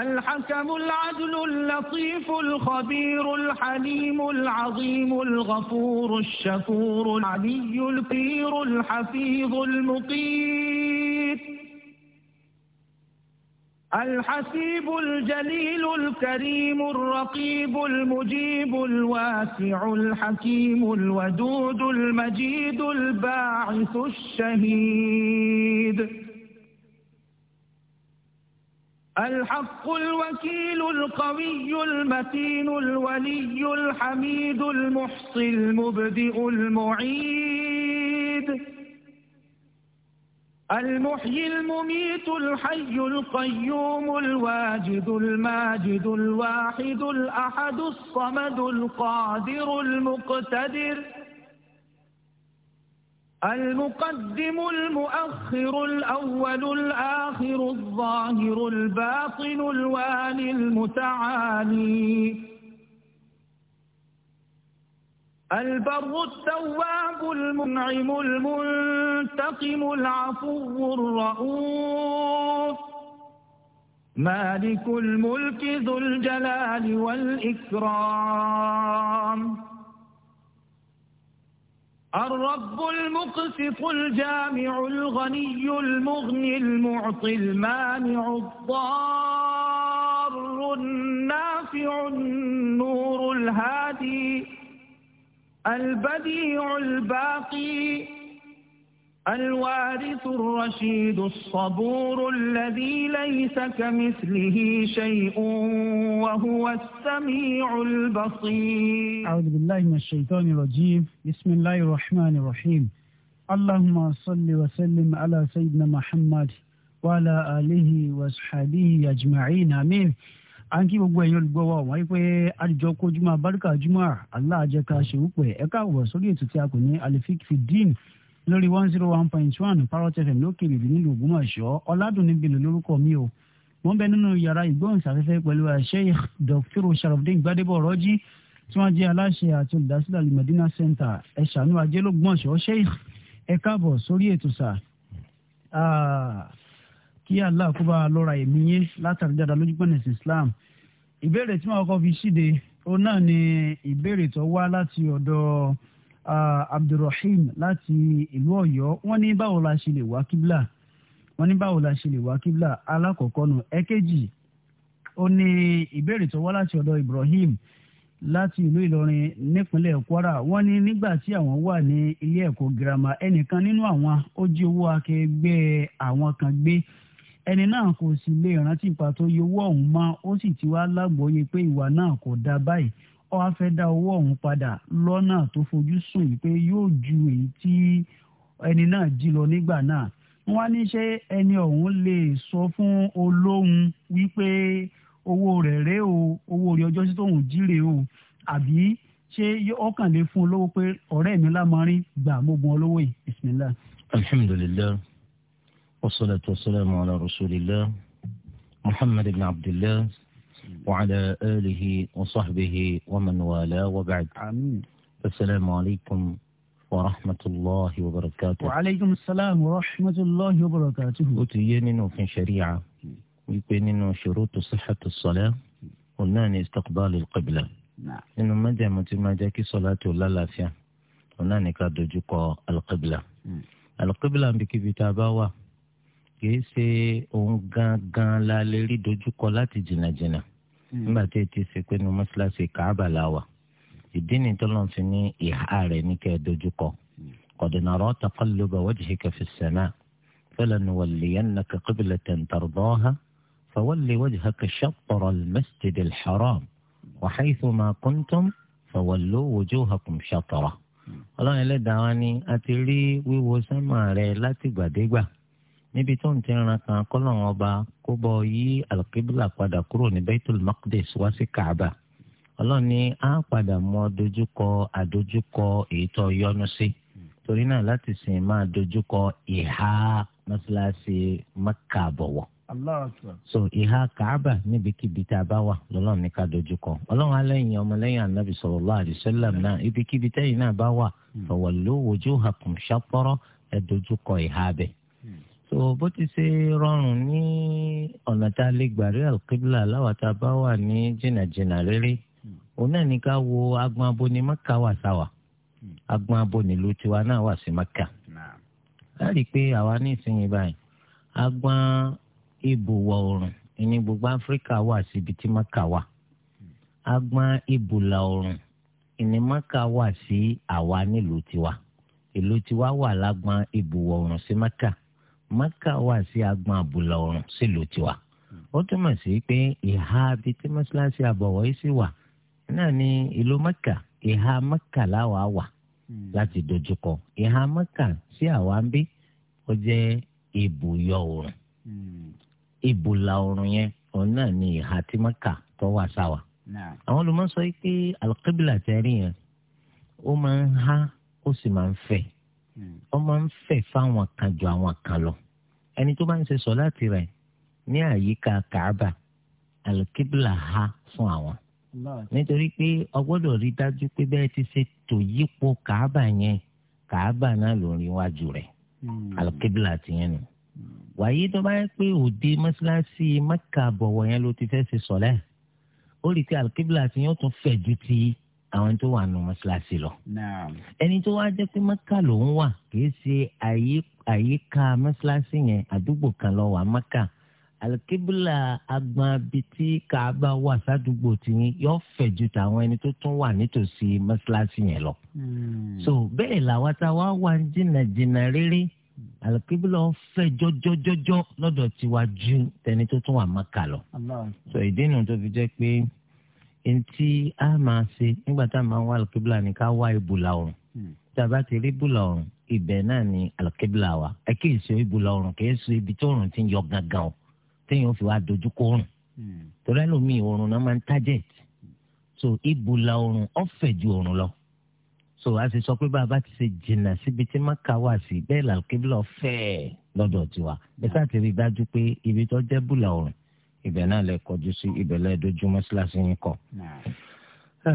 الحكم العدل اللطيف الخبير الحليم العظيم الغفور الشكور العلي الكبير الحفيظ المقيت الحسيب الجليل الكريم الرقيب المجيب الواسع الحكيم الودود المجيد الباعث الشهيد الحق الوكيل القوي المتين الولي الحميد المحصي المبدئ المعيد المحيي المميت الحي القيوم الواجد الماجد الواحد الأحد الصمد القادر المقتدر المقدم المؤخر الأول الآخر الظاهر الباطن الوالي المتعالي البر التواب المنعم المنتقم العفو الرؤوف مالك الملك ذو الجلال والإكرام الرب المقسط الجامع الغني المغني المعطي المانع الضار النافع النور الهادي البديع الباقي الوارث الرشيد الصبور الذي ليس كمثله شيء وهو السميع البصير أعوذ بالله من الشيطان الرجيم بسم الله الرحمن الرحيم اللهم صل وسلم على سيدنا محمد وعلى آله وصحبه أجمعين آمين àǹkí gbogbo ẹ̀yin olùgbọ́ wa wọ́n pé àjọ kojúmọ́ abáríkà jùmọ̀ aláàjẹká ṣe wípé ẹ̀ka wọ̀ sórí ètò tí a kò ní alifik fi dín lórí one zero one point one parrot fm lókè bèbí nílùú Ògbómọ̀ṣọ́ ọládùnní bèlè lórúkọ mi o wọ́n bẹ nínú yàrá ìgbóhùnsáfẹ́fẹ́ pẹ̀lú Sheikh Dr. Sharafdin Gbadebo Rọ́jí tí wọ́n jẹ́ aláṣẹ àti olùdásílẹ̀ alimọ̀dínà center ẹ̀ṣánú ajé lọ́gbọ̀nsọ̀ Sheikh ẹ káàbọ̀ sórí ètò sà kí Allah kó bá lọ́ra ẹ̀mí yẹn látàrí dáadáa lójú pẹ̀lú Islam ìbéèrè tí wọn kọ́ fi ṣíde ó náà ni ìbéèrè tó wá láti ọ̀dọ̀ abdulrahim láti ìlú ọ̀yọ́ wọ́n ní báwo la ṣe lè wá kíbla wọ́n ní báwo la ṣe lè wá kíbla alákọ̀ọ́kọ́ nù ẹ̀kejì ó ní ìbéèrè tó wá láti ọ̀dọ̀ ibrahim láti ìlú ìlọrin nípínlẹ̀ kwara wọ́n ní nígbà tí àwọn wà ní ilé ẹ̀kọ́ girama ẹnìkan nínú àwọn ó jí owó akẹgbẹ́ àwọn kan gbé ẹni náà kò sì lè rántí ipa tó yọwọ́ ọ̀hún mọ́ ó sì ti wá lágbóye pé ìwà náà kò dáa báyìí ó wá fẹ́ dá owó ọ̀hún padà lọ́nà tó fojú sùn yìí pé yóò ju èyí tí ẹni náà jí lọ nígbà náà wọ́n ní ṣé ẹni ọ̀hún lè sọ fún olóhùn wípé owó rẹ̀ rẹ̀ o owó rẹ̀ ọjọ́ sí tóun jíre o àbí ṣé ọkàn lè fún olówó pé ọ̀rẹ́ mi lámọrin gbà mógun olówó yìí bisimilá. alhamdulilayi wasalaatu wasalaamu ala rasulillah muhammad bin abdillah. وعلى آله وصحبه ومن والاه وبعد آمين السلام عليكم ورحمة الله وبركاته وعليكم السلام ورحمة الله وبركاته وتيينين في شريعة يكونين شروط صحة الصلاة ونان استقبال القبلة نعم إنه ما دام ما جاكي صلاة ولا لا فيها ونان كادوجوكو القبلة القبلة بكيف تاباوا kìí ṣe òun gangan la lè rí dojúkọ láti jìnnàjìnnà nígbà tí etí ṣe pé ní mọ́ṣáláṣí káàbà láwà ìdí ni tọ́lọ́n fi ní ìhà rẹ̀ ní kẹ́ ẹ dojúkọ kọ̀dùnàrọ̀ taqalluba wajhika fi s-samaa falanuwalliyannaka qiblatan tardaha fawalli wajhaka shaṭra al-masjid al-haram wa haythuma kuntum fawallu wujuhakum shaṭrahu ọlọ́run ẹlẹ́dàá wa ni a ti rí wíwo sánmà níbi tó ń ti ran kan kọ́lọ́run ọba kó bọ yí alqibla padà kúrò ní baitul maqdis wá sí kaaba ọlọ́run ní á padà mọ dojúkọ àdojúkọ èyí tó yọnu sí torí náà láti sìn máa dojúkọ ìhà mọ́ṣáláṣí mẹ́kà bọ̀wọ̀. so ìhà kaaba níbikíbi tá a bá wà lọ́lọ́run ní ká dojúkọ ọlọ́run alẹ́yìn ọmọlẹ́yìn anabi sallallahu alaihi wasallam náà ibikíbi tẹ́yìn náà bá wà hmm. fawallu wujuhakum shatrahu ẹ dojúkọ ìhà bẹ́ẹ̀ so bó ti ṣe rọrùn ní ọ̀nà tá a lè gbàrí alqibla láwa tá a bá wà ní jìnnàjìnnà rere òun náà ní ká wo agbọn abo ní maka wà sáwà agbọn abo nílùú tiwa náà wà sí maka a rí i pé àwa ní ìsinyìí báyìí agbọn ibùwọ̀ oòrùn ní gbogbo áfíríkà wà síbi tí maka wà agbọn ibùlà oòrùn ní maka wà sí àwa nílùú tiwa ìlú tiwa wà lágbọn ibùwọ̀ oòrùn sí maka. Hmm maka wà sí agbọn àbúlọ ọrùn sílùú tiwa ó túmọ̀ sí pé ìhà bíi tí mọ́ṣáláṣí àbọ̀wọ́ yìí sì wà náà ní ìlú maka ìhà maka láwa wà láti dojúkọ ìhà maka sí àwa ń bí ó jẹ́ ibùyọ oòrùn ibùlà oòrùn yẹn òun náà ní ìhà tí maka tó wà sáwà àwọn olùmọ̀ sọ pé alqibla tẹ́rì yẹn ó máa ń há ó sì máa ń fẹ̀ hmm. ó ń fẹ̀ fáwọn kan ju àwọn kan lọ ẹni tó bá ń ṣe sọláàtì rẹ̀ ní àyíká kàába alikibla ha fún àwọn nítorí pé ọgbọ́dọ̀ rí dájú pé bẹ́ẹ̀ ti ṣe tò yípo kàába yẹn kàába náà ló rí wájú rẹ̀ hmm. alikibla tiyẹn nù wàyí tó bá yẹ pé òde mọ́ṣáláṣí mẹ́kà bọ̀wọ̀ yẹn ló ti fẹ́ ṣe sọ̀lẹ́ ó rí i pé alikibla tiyẹn ó tún fẹ̀ ju ti àwọn tó wà nù mọ́ṣáláṣí lọ. ẹni tó wá jẹ́ pé mẹ́kà ló ń wà kìí ṣe àyíká mọ́ṣáláṣí yẹn àdúgbò kan lọ wà mẹ́kà alikibula agbanbiti kaaba wà sádùúgbò tiyín yóò fẹ̀ ju tàwọn ẹni tó tún wà nítòsí mọ́ṣáláṣí yẹn lọ. Hmm. so bẹ́ẹ̀ làwọn tá a wá wà jìnnàjìnnà rere alùpùpù fẹ́ jọjọjọjọ lọ́dọ̀ tiwa ju tẹni tó tún wà mọ́kà lọ. so ìdí nu tó fi jẹ́ pé ntí a máa ṣe nígbà tá a máa wá alùkébìlà ni ká wá ibùlà ọ̀run hmm. tàbá ti rí ibùlà ọ̀run ibẹ̀ náà ni alùkébìlà wa ẹ kì í ṣe ibùlà ọ̀run kì í ṣe ibi tó ọ̀run ti ń yọ gangan o téèyàn fi wá dojú kọ ọ̀run hmm. torí ẹlòmíì ọ̀run náà máa ń target so ibùlà ọ̀run ọ̀fẹ́ ju ọ̀run lọ so a sì sọ pé bàbá ti ṣe jìnnà síbi tí maka wà sí bẹ́ẹ̀ làlùkébìlà ọ̀fẹ́ lọ́dọ̀ tiwa hmm. ẹ sáà ti rí i dájú pé ibi tó jẹ́ ibùlà ọ̀run ibẹ̀ náà lè kọjú sí ibẹ̀ lè dojú mọ́ṣáláṣí yín kọ.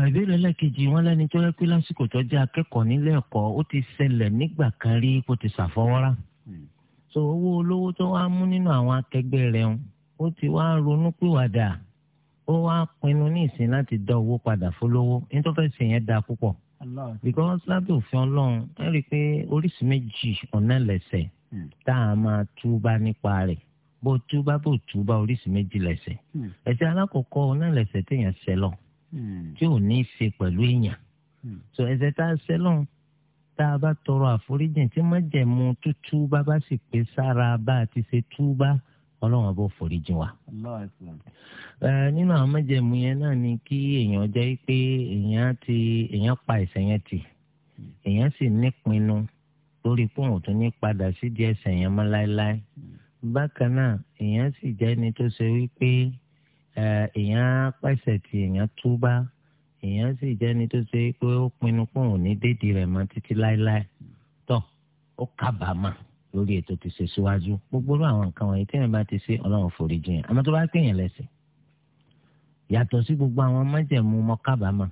ìbéèrè lẹ́ẹ̀kejì wọn lẹ́ni tó yẹ pé lásìkò tó jẹ́ akẹ́kọ̀ọ́ nílé ẹ̀kọ́ ó ti ṣẹlẹ̀ nígbà kan rí kó ti ṣàfọwọ́rá. Hmm. so owó olówó tó wá mú nínú àwọn akẹgbẹ́ rẹ̀ ó ti wá ronú pìwàdà ó wá pinnu ní ìsìn láti dá owó padà fólówó nítorí fẹ́ sèyẹn dáa púpọ̀ because lábẹ́ òfin ọlọ́run ẹ rí i pé oríṣi méjì ọ̀nà lẹ̀sẹ̀ hmm. tá a máa túbá nípa rẹ̀ bó túbá bó túbá oríṣi méjì lẹ̀ṣẹ̀ hmm. ẹ̀ṣẹ̀ alákọ̀ọ́kọ́ náà lẹ̀ṣẹ̀ téèyàn ṣẹ̀ lọ hmm. tí ò ní í ṣe pẹ̀lú èèyàn hmm. so ẹ̀ṣẹ̀ tá a ṣẹ̀ lọ tá a bá tọrọ àforíjìn tí májẹ̀mú tútú bá bá sì pé sára bá a ti ṣe túbá ọlọ́run àbọ̀ foríjìn wa. nínú àwọn májẹ̀mú yẹn náà ni kí èèyàn jẹ́ pé èèyàn ti èèyàn pa ẹ̀ṣẹ̀ yẹn tì èèyàn sì nípinnu lórí pé òun tún ní padà sídìí ẹ̀ṣẹ̀ yẹn mọ́ láéláé bákan náà èèyàn sì jẹ́ ẹni tó ṣe wípé èèyàn á pẹ̀sẹ̀ tí èèyàn túbá èèyàn sì jẹ́ ẹni tó ṣe pé ó pinnu pé òun ní dédìí rẹ̀ mọ́ títí láéláé tó ó kábàámà lórí ètò ti ṣe síwájú gbogbo àwọn nǹkan wọ̀nyí téèyàn bá ti ṣe ọlọ́run forí jiyàn àmọ́ tó bá kéèyàn lẹ́sẹ̀ yàtọ̀ sí gbogbo àwọn májẹ̀mú mọ kábàámà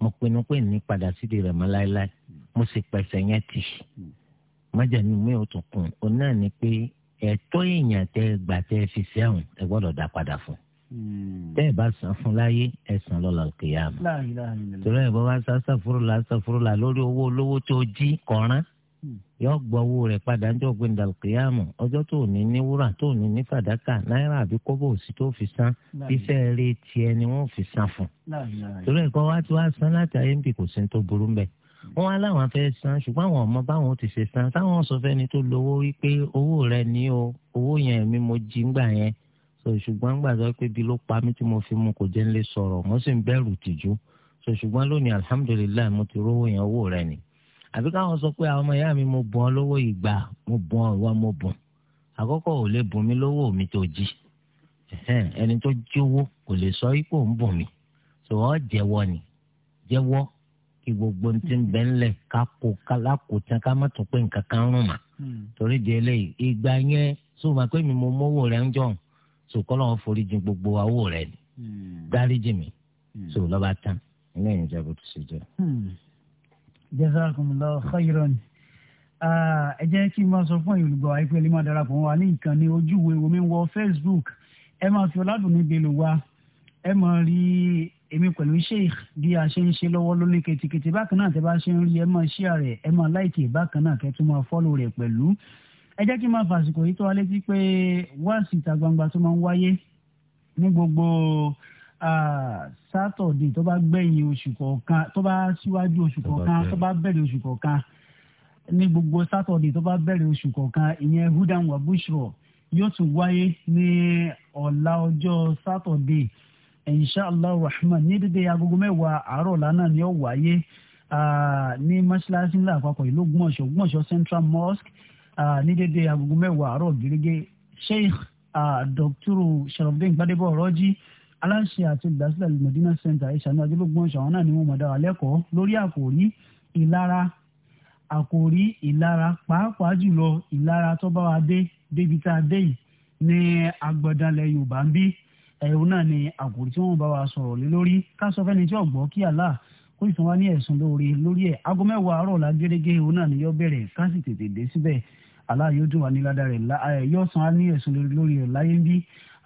mo pinnu pé ní padà sídìí rẹ̀ mọ́ láéláé mo sì pẹ̀sẹ̀ yẹn tì májẹ̀mú mi ò tún kùn òun náà ni pé ẹ̀tọ́ èèyàn tẹ́ gbà tẹ́ fi sẹ́wọ̀n ẹ gbọ́dọ̀ dá padà fún hmm. tẹ́ ẹ bá san fún láyé ẹ san lọ́la òkè yá mi torí ẹ̀ bọ́ bá sá sàfúrúlà sàfúrúlà lórí owó olówó tó jí kọ̀ọ̀rán hmm. yọ gbọ́ owó rẹ̀ padà ń jọ gbẹ̀ndà òkè yá mi ọjọ́ tó ní ní wúrà tó ní ní fàdákà náírà àbí kọ́bọ̀ òsì tó fi san fífẹ́ rẹ̀ tiẹ̀ ni wọ́n fi san fún torí ẹ̀ kọ́ wá tí wàá san látàrí nbí kò sí ní tó burú bẹ́ẹ̀ wọ́n wá láwọn fẹ́ san ṣùgbọ́n àwọn ọmọ báwọn ti ṣe san táwọn sọ fẹ́ni tó lówó wípé owó rẹ ní o owó yẹn mi mo jí ngbà yẹn so ṣùgbọ́n ngbà tó pé bí ló pa mí tí mo fi mu kò jẹ́ ń lè sọ̀rọ̀ sì ń bẹ̀rù tìjú so ṣùgbọ́n lónìí alhamdulilayi mo ti rówó yẹn owó rẹ ni àbí káwọn sọ pé àwọn ọmọ ìyá mi mo bùn ọ lówó ìgbà mo bùn ọ ìwà mo bùn àkọ́kọ́ ò lè bùn mí lówó mi tó jí ẹni tó jí kò lè sọ ipò ń bùn mi so ọ jẹ́wọ́ ni jẹ́wọ́ kí gbogbo ń ti bẹ́ ńlẹ̀ ká kó kálá kó tán ká má tún pé nǹkan kan rùn mà. Hmm. torí di eléyìí ìgbà yẹn sóòmà pé mi mo mówó rẹ ń jọ sòkòlò wọn forí jìn gbogbo àwò rẹ ni hmm. dáríjì mi hmm. so lọ́ba tán lẹ́yìn ìjọba tó ṣe jẹ. jazakumullahu khairan ẹ jẹ́ kí n máa sọ fún ìlúgbọ̀ àìpẹ́ lè máa darapọ̀ wá ní ìkànnì ojúwe omi wọ Facebook ẹ máa fi ọ̀làdùn níbi lò èmi pẹ̀lú sheikh bí a ṣe ń ṣe lọ́wọ́ lóní ketekete bákan náà tẹ́ bá ṣe ń rí ẹ máa share rẹ̀ ẹ máa like e. bákan náà kẹ́ máa follow rẹ̀ pẹ̀lú ẹ jẹ́ kí n máa fàsìkò yìí tó wa létí pé wáàsì ìta gbangba tó máa ń wáyé ní gbogbo sátọ̀dé tó bá gbẹ̀yìn oṣù kọ̀ọ̀kan tó bá síwájú oṣù kọ̀ọ̀kan tó bá bẹ̀rẹ̀ oṣù kọ̀ọ̀kan ní gbogbo sátọ̀dé tó bá bẹ̀rẹ̀ oṣù kọ̀ọ̀kan ìyẹn hudan wabushro yóò tún wáyé ní ọ̀la ọjọ́ sátọ̀dé inshallah rahman ní dédé agogo mẹ́wàá àárọ̀ lánàá ni ó wáyé ní mọ́ṣáláṣí ńlá àpapọ̀ ìlú gbọ̀nsọ̀ gbọ̀nsọ̀ central mosque ní dédé agogo mẹ́wàá àárọ̀ gírígé sheikh dr sharafdin gbadebo ọ̀rọ́jì aláṣẹ àti olùdásílẹ̀ medina center ìṣàánú ajẹ́lógbọ̀nsọ̀ àwọn náà ni wọ́n mọ̀ dára lẹ́kọ̀ọ́ lórí àkòrí ìlara àkòrí ìlara pàápàá jùlọ ìlara tó bá wa dé débi tá a dé yìí ní agbọ̀dànlẹ̀ yorùbá ń bí ẹ̀rù náà ni àkòrí tí wọ́n bá wa sọ̀rọ̀ lé lórí ká sọ fẹ́ni tí ọ̀gbọ́ kí Allah kó ìtàn wá ní ẹ̀sùn lóore lórí ẹ̀ aago mẹ́wàá àárọ̀ la gẹ́gẹ́ òun náà ni yọ bẹ̀rẹ̀ ká sì tètè dé síbẹ̀ Allah yóò dùn wá ní ládàá rẹ̀ yọ san á ní ẹ̀sùn lórí rẹ̀ láyé ń bí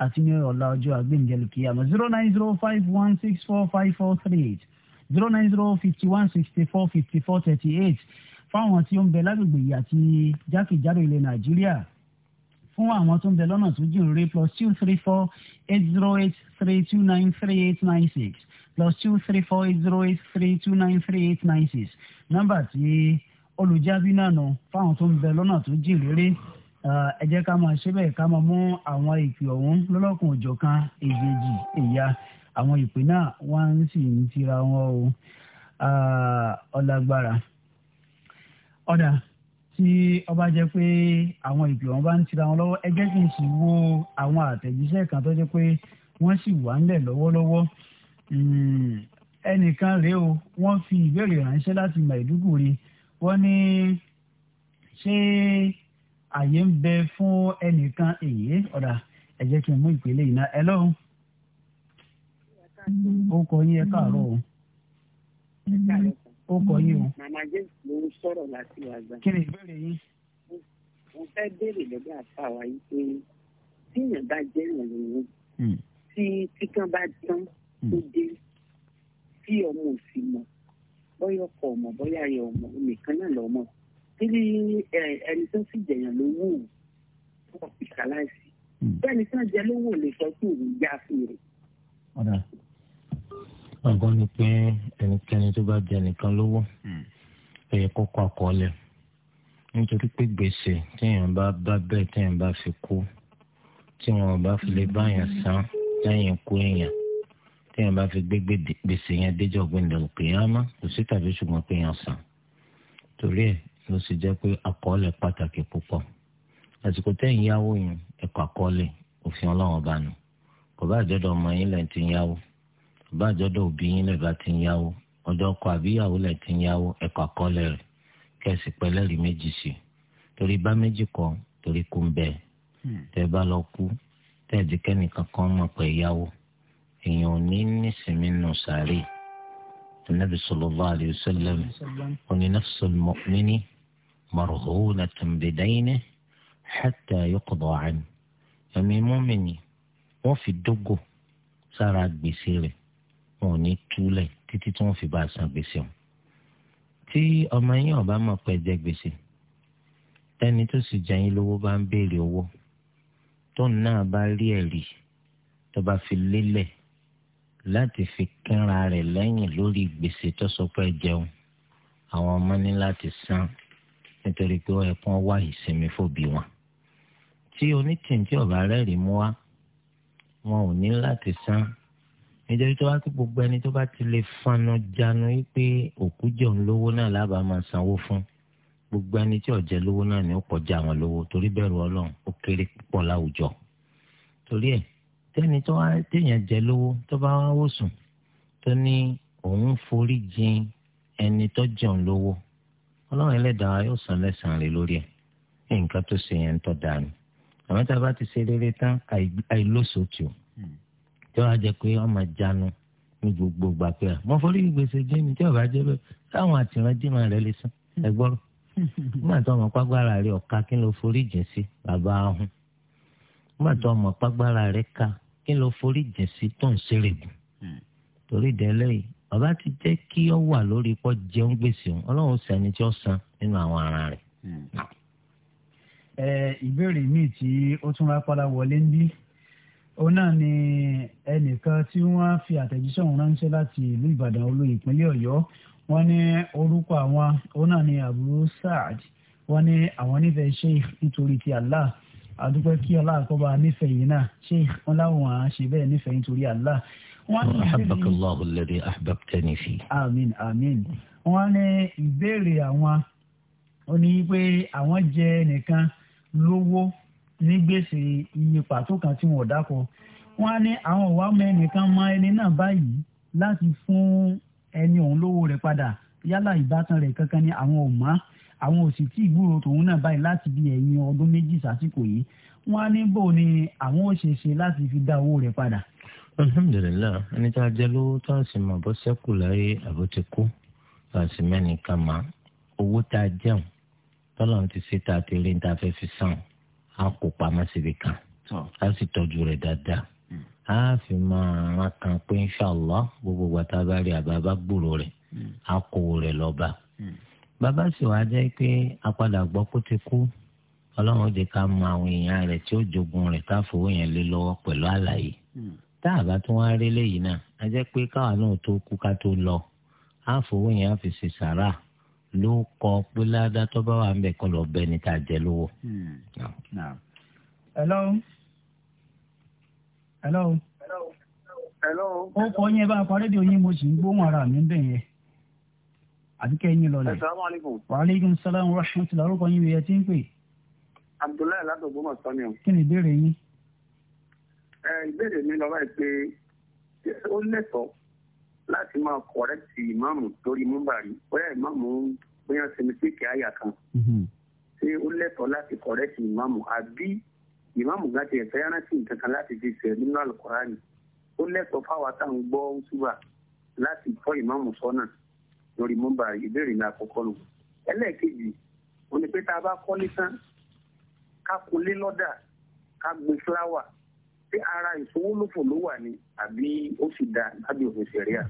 àti ní ọ̀la ọjọ́ àgbéǹjẹ̀lù kìyàmọ̀ zero nine zero five one six four five four three eight zero nine zero fifty one sixty four fifty four thirty eight fáwọn tí ó ń bẹ lágbègbè yìí àti jákèjádò ilẹ̀ Nàìjíríà fún àwọn tó ń bẹ lọ́nà tó jìn rere plus two three four eight zero eight three two nine three eight nine six plus two three four eight zero eight three two nine three eight nine six nọ́mbà tí olùjábí náà nù fáwọn tó ń bẹ lọ́nà tó jìn rere ẹ jẹ́ ká máa ṣe bẹ́ẹ̀ ká máa mú àwọn ìpè ọ̀hún lọ́lọ́kùn òjọ̀ kan èjèèjì ẹ̀yà àwọn ìpè náà wọ́n sì ń tira wọn o ọ̀làgbára ọ̀dà tí ọba jẹ́ pé àwọn ìpè wọn bá ń tira wọn lọ́wọ́ ẹ jẹ́ kí n sì wo àwọn àtẹ̀jíṣẹ́ kan tó jẹ́ pé wọ́n sì wà ńlẹ̀ lọ́wọ́lọ́wọ́ hmm, ẹnìkan rèé o wọ́n fi ìbéèrè ránṣẹ́ láti Maiduguri wọ́n ní ṣé àyè ń bẹ fún ẹnìkan èyí ọ̀dà ẹ jẹ́ kí n mú ìpele yìí náà ẹ lọ́hùn. ó kọ yín ẹ o. ẹ káàárọ̀ o ó kọ yín o. màmá james ló ń sọ̀rọ̀ láti àgbà. kí ni ìbéèrè yín. mo fẹ́ béèrè lọ́dọ̀ àfa wa yìí pé tíyàn bá jẹ́ ìrànlọ́wọ́ hmm. tí kíkan bá tán hmm. tó dé tí ọmọ ò sì mọ̀ bóyá ọkọ ọmọ bóyá ayọ̀ ọmọ nìkan náà lọ́mọ tí ẹni tó sì jẹ̀yàn ló wù ú fún ọ̀pìkà láìsí hmm. bẹ́ẹ̀ ni tí wọ́n jẹ lówó lè sọ pé òun já sí rẹ̀ àgbọn ni pé ẹnikẹ́ni tó bá jẹ nìkan lówó hmm. ẹ̀yẹ kọ́kọ́ àkọọ́lẹ̀ nítorí pé gbèsè téèyàn bá bá bẹ́ẹ̀ téèyàn bá fi kú tí wọn bá fi lè báyàn san lẹ́yìn kú èèyàn téèyàn bá fi gbé gbèsè yẹn déjọ́ gbẹ̀ndẹ̀ òkè yámá kò sí tàbí ṣùgbọ́n pé yàn san torí ẹ̀ ló sì jẹ́ pé àkọọ́lẹ̀ pàtàkì púpọ̀ àsìkò tẹ́yìn yáwó yẹn ẹ̀kọ́ àkọọ́lẹ̀ òfin ọlọ́run ọba nù kò bá àjọ́dọ̀ ọmọ yín lẹ́yìn ìbájọ́dọ̀ òbí yín lẹ́ẹ̀bá ti ń yáwó ọ̀dọ̀ ọkọ àbíyàwó lẹ́ẹ̀ ti ń yáwó ẹ̀kọ́ àkọọ́lẹ̀ rẹ̀ kẹ́sì pẹ́lẹ́rì méjì sí i torí bá méjì kọ́ torí kú ń bẹ́ẹ̀ hmm. tẹ́ bá lọ kú tẹ́ ẹ̀dí kẹ́nìkan kan mọ̀ pé yáwó èèyàn ò ní nísìmí nù sàárè anabi sallallahu alayhi wa sallam oní nafsul wọn ò ní túlẹ̀ títí tí wọ́n fi bá a san gbèsè wọn. tí ọmọ yín ọba mọ̀ pé jẹ gbèsè ẹni tó sì jẹ yín lówó bá ń béèrè owó tóun náà bá rí ẹ̀rí tó bá fi lélẹ̀ láti fi kínra rẹ̀ lẹ́yìn lórí gbèsè tó sọ pé jẹun àwọn ọmọ ní láti san nítorí pé ẹ̀kún wá ìsinmi fòbí wọn. tí onítìǹtì ọ̀bà rẹ̀ rí mú wá wọn ò ní láti san nítorí tó bá tó gbogbo ẹni tó bá ti lè fanu janu wípé òkú jọ ń lówó náà lábàá máa sanwó fún gbogbo ẹni tí ọ̀jẹ̀ lówó náà ni ó kọjá àwọn lówó torí bẹ̀rù ọlọ́run ó kéré púpọ̀ láwùjọ torí ẹ̀ tẹ́ni tó wá téèyàn jẹ lówó tó bá wá wò sùn tó ní òun forí jìn ẹni tó jẹun lówó ọlọ́run ẹlẹ́dàá yóò san lẹ́sàn-án lórí ẹ̀ nǹkan tó ṣe yẹn ń tọ́ da ni tá a bá ti ṣe rere tán àìlóṣòtì tí wọ́n á jẹ pé ọmọ jánu ní gbogbo ìgbà pé à mọ́ forí gbèsè jẹ́ mi tí ọba jẹ́ bẹ́ẹ̀ táwọn àtìrántìmọ̀ rẹ lè sùn ẹgbọ́rọ̀ nígbà tó ọmọ pàgbára rẹ ọ̀ka kí ló forí jìn sí bàbá ahun nígbà tó ọmọ pàgbára rẹ ka kí ló forí jìn sí tó ń ṣèrègùn torí ìdẹ́lẹ́ yìí bàbá ti jẹ́ kí ọ wà lórí pọ́ jẹun gbèsè òun ọlọ́run sẹ́ni tí ó san nínú àwọn ara rẹ̀. ìbéèrè míì tí ó tún rápálá wọlé ń bí òun náà ni ẹnìkan tí wọ́n fi àtẹ̀jíṣẹ́ òun ránṣẹ́ láti ìlú ìbàdàn olú ìpínlẹ̀ ọ̀yọ́ wọ́n ní orúkọ àwọn òun náà ni àbúrò saad wọ́n ní àwọn nífẹ̀ẹ́ sheikh nítorí ti allah àdúpẹ́ kí allah àkọ́bá nífẹ̀ẹ́ yìí náà sheikh wọn láwọn á bẹ́ẹ̀ nífẹ̀ẹ́ nítorí allah. ahabaka allah alladhi ahbabtani amin amin wọ́n ní ìbéèrè àwọn ó àwọn jẹ nìkan lówó ní gbèsè iye pàtó kan tí wọn ò dákọ wọn á ní àwọn òwà mẹ́nìkan mọ ẹni náà báyìí láti fún ẹni òun lówó rẹ̀ padà yálà ìbátan rẹ̀ kankan ni àwọn ò mọ̀ àwọn ò sì tí ì gbúròó tòun náà báyìí láti bí ẹ̀yìn ọdún méjì sásìkò yìí wọn á ní bò ní àwọn ò láti fi dá owó rẹ̀ padà. alhamdulilayi ẹni tá a jẹ lówó tó a sì mọ bó sẹ́kù láyé àbó ti kú tó a sì mẹ́nìkan mọ owó tá a jẹun tọ́lọ́run ti ṣe tá a ti rí ní tá fẹ́ fi sàn a kó pamọ́ síbi kan a sì tọ́jú rẹ̀ dáadáa á hmm. fi máa rán kan pé inṣàlá gbogbo gbàtà bá rí àbá bá gbòòrò rẹ̀ á hmm. kó rẹ̀ lọ́ba. Hmm. bàbá sì wá jẹ́ pé a padà gbọ́ kó ti kú ọlọ́run jẹ́ ká mọ àwọn èèyàn rẹ̀ tí ó jogun rẹ̀ ká fowó yẹn lé lọ́wọ́ pẹ̀lú àlàyé tá a bá tún wá rí léyìí náà a jẹ́ pé káwa náà tó kú ká tó lọ á fowó yẹn á fi ṣe sàrà ló kọ pé ládá tó bá wà ní jẹ lówó. Hmm. hello. hello. hello. ó kọ yín bá a parí di oyin mo sì ń gbóhùn ara mi bẹ́ẹ̀ yẹn àti kẹ́yìn lọ lẹ̀. wa aleykum salaam wa orúkọ yín yẹ ti ń pè. abdullahi ládògbò mọ̀ sọ́ni o. kí ni ìbéèrè yín. ìbéèrè mi lọ́wọ́ láti máa kọ̀rẹ́tì ìmáàmù lórí múbàrí bóyá ìmáàmù bóyá sẹmítíkì àyà kan mm-hmm. ṣé ó lẹ́tọ̀ọ́ láti kọ̀rẹ́tì ìmáàmù àbí ìmáàmù gan ti ẹ̀fẹ́ rántí nǹkan kan láti fi ṣẹ̀ nínú àlùkùránì ó lẹ́tọ̀ọ́ fáwọn táwọn gbọ́ ṣùgbà láti kọ́ ìmáàmù sọ́nà lórí múbàrí ìbéèrè ní àkọ́kọ́ lò ẹlẹ́ẹ̀kejì ó ní pé tá a bá kọ́lé tán ká kunlé lọ́dà ká gbin fúláwà ṣé ara ìfowólòfò ló wà ní àbí ó sì dáa lábẹ́ òfin ṣẹ̀ríà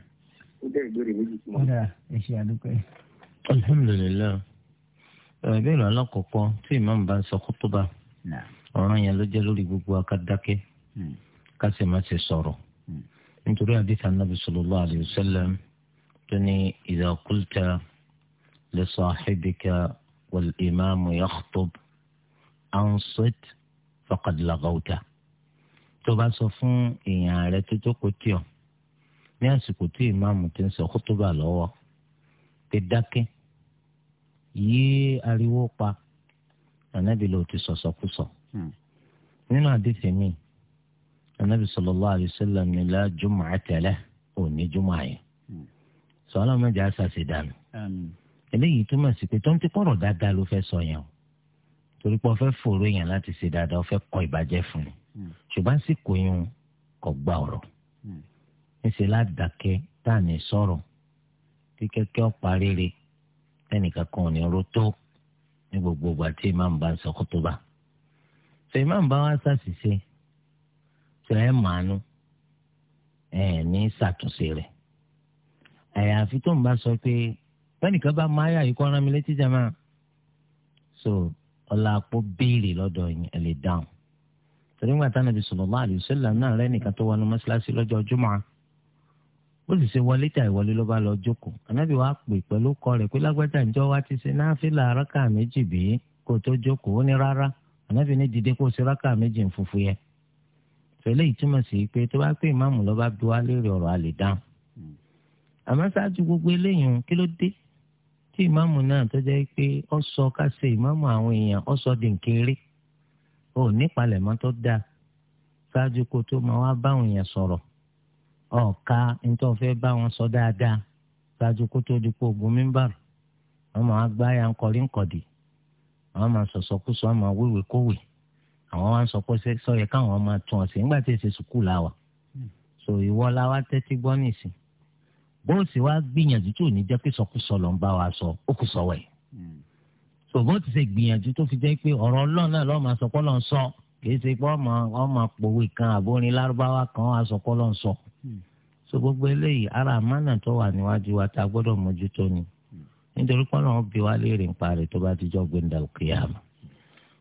ó jẹ́ ìbéèrè méjì tí mo. ọ̀dà ẹ ṣe àdúpẹ́. alhamdulilayi ìbéèrè alákọ̀ọ́kọ́ tí ìmáàmù bá ń sọ kótóbá ọ̀ràn yẹn ló jẹ́ lórí gbogbo akádákẹ́ hmm. ká sì má ṣe sọ̀rọ̀ hmm. nítorí àdìsá nàbì sallallahu alayhi tó ní idha qulta li sahibika wal imamu yakhutub ansit faqad laghawta tó bá sọ fún èèyàn rẹ tó jókòó tì ọ́ ní àsìkò tí ìmáàmù ti ń sọ kútúbà lọ́wọ́ pé dákẹ́ yí ariwo pa ànábì ló ti sọ̀sọ̀kúsọ. Hmm. nínú àdìsí mi ànábì sallallahu alaihi wasallam ní la jumu'ata lahu òní jùmọ̀ àyè hmm. sọlá mẹ́jọ àṣàṣe dànù eléyìí túmọ̀ sí pé tó ń ti kọ̀rọ̀ dáadáa ló fẹ́ sọ yẹn o torí pé ó fẹ́ fòrò yẹn láti ṣe dáadáa ó fẹ́ kọ ìbàjẹ́ fún un Hmm. ṣùgbọ́n sì kò yun kò gba ọ̀rọ̀ níṣẹ́ hmm. ládàkẹ́ tá à ní sọ̀rọ̀ kí kẹ́kẹ́ ọ̀pá rere ẹnìkan kan ò ní ro tó ní gbogbo ìgbà tí imam bá ń sọ kótóbà ṣe imam bá wá ṣàṣìṣe ṣe ẹ màánú ẹ ní ṣàtúnṣe rẹ̀ àyàfi tó ń bá sọ pé bẹ́ẹ̀nìkan bá máa yà ikọ́ rán mi létí jama so ọlá àpò béèrè lọ́dọ̀ yín ẹ lè dáhùn torí ńgbà tá nàbì sallallahu alaihi wasallam náà rẹ nìkan tó wọnú mọ́ṣáláṣí lọ́jọ́ jùmọ̀ ó sì ṣe wọlé tà ìwọlé ló bá lọ jókòó ànábì wàá pè pẹ̀lú kọ rẹ̀ pé lágbájá ìjọ wa ti ṣe náfìlà rákà méjì bí kò tó jókòó ó ní rárá ànábì ní dìde kó ṣe rákà méjì ń fufu yẹ fẹlẹ́ ìtumọ̀ sí pé tó bá pé ìmáàmù lọ bá bí wá lérè ọ̀rọ̀ àlè dáhùn àmọ́ ṣáájú gbogbo eléyìí kí ló dé tí ìmáàmù náà tó jẹ́ pé ó sọ ká ṣe ìmáàmù àwọn èèyàn ó sọ dìǹkéré ò nípalẹ̀mọ́ tó dáa ṣáájú kó tó máa wá báwọn yẹn sọ̀rọ̀ ọ̀ka nítorí fẹ́ bá wọn sọ dáadáa ṣáájú kó tó di pé ogun mímbàrù wọn máa gbá ya ńkọrí ńkọdì àwọn máa sọ̀sọ̀kúsọ wọn máa wéwèé kówèé àwọn wá ń sọ pé sọyẹ káwọn máa tún ọ̀sẹ̀ nígbà tí èsì sùkúù la wà so ìwọ la wá tẹ́tí gbọ́ nìsín bó o sì wá gbìyànjú tí ní jẹ́ pé sọkúsọ ló bá wa sọ ó kù sọ wẹ̀ ṣùgbọ́n ti ṣe gbìyànjú tó fi jẹ́ pé ọ̀rọ̀ ọlọ́run náà lọ́ọ́ máa sọ̀kọ́ lọ́n sọ kìí ṣe pé ọmọ ọmọ pòwe kan àbórin lárúbáwá kan àsọ̀kọ́ lọ́n sọ. Hmm. so gbogbo eléyìí ara àmánà tó wà níwájú wa tá a gbọ́dọ̀ mójútó ni hmm. nítorí pọ́nà wọn bí wá léèrè nípa rẹ̀ tó bá ti jọ gbẹ̀ndà kíyámà.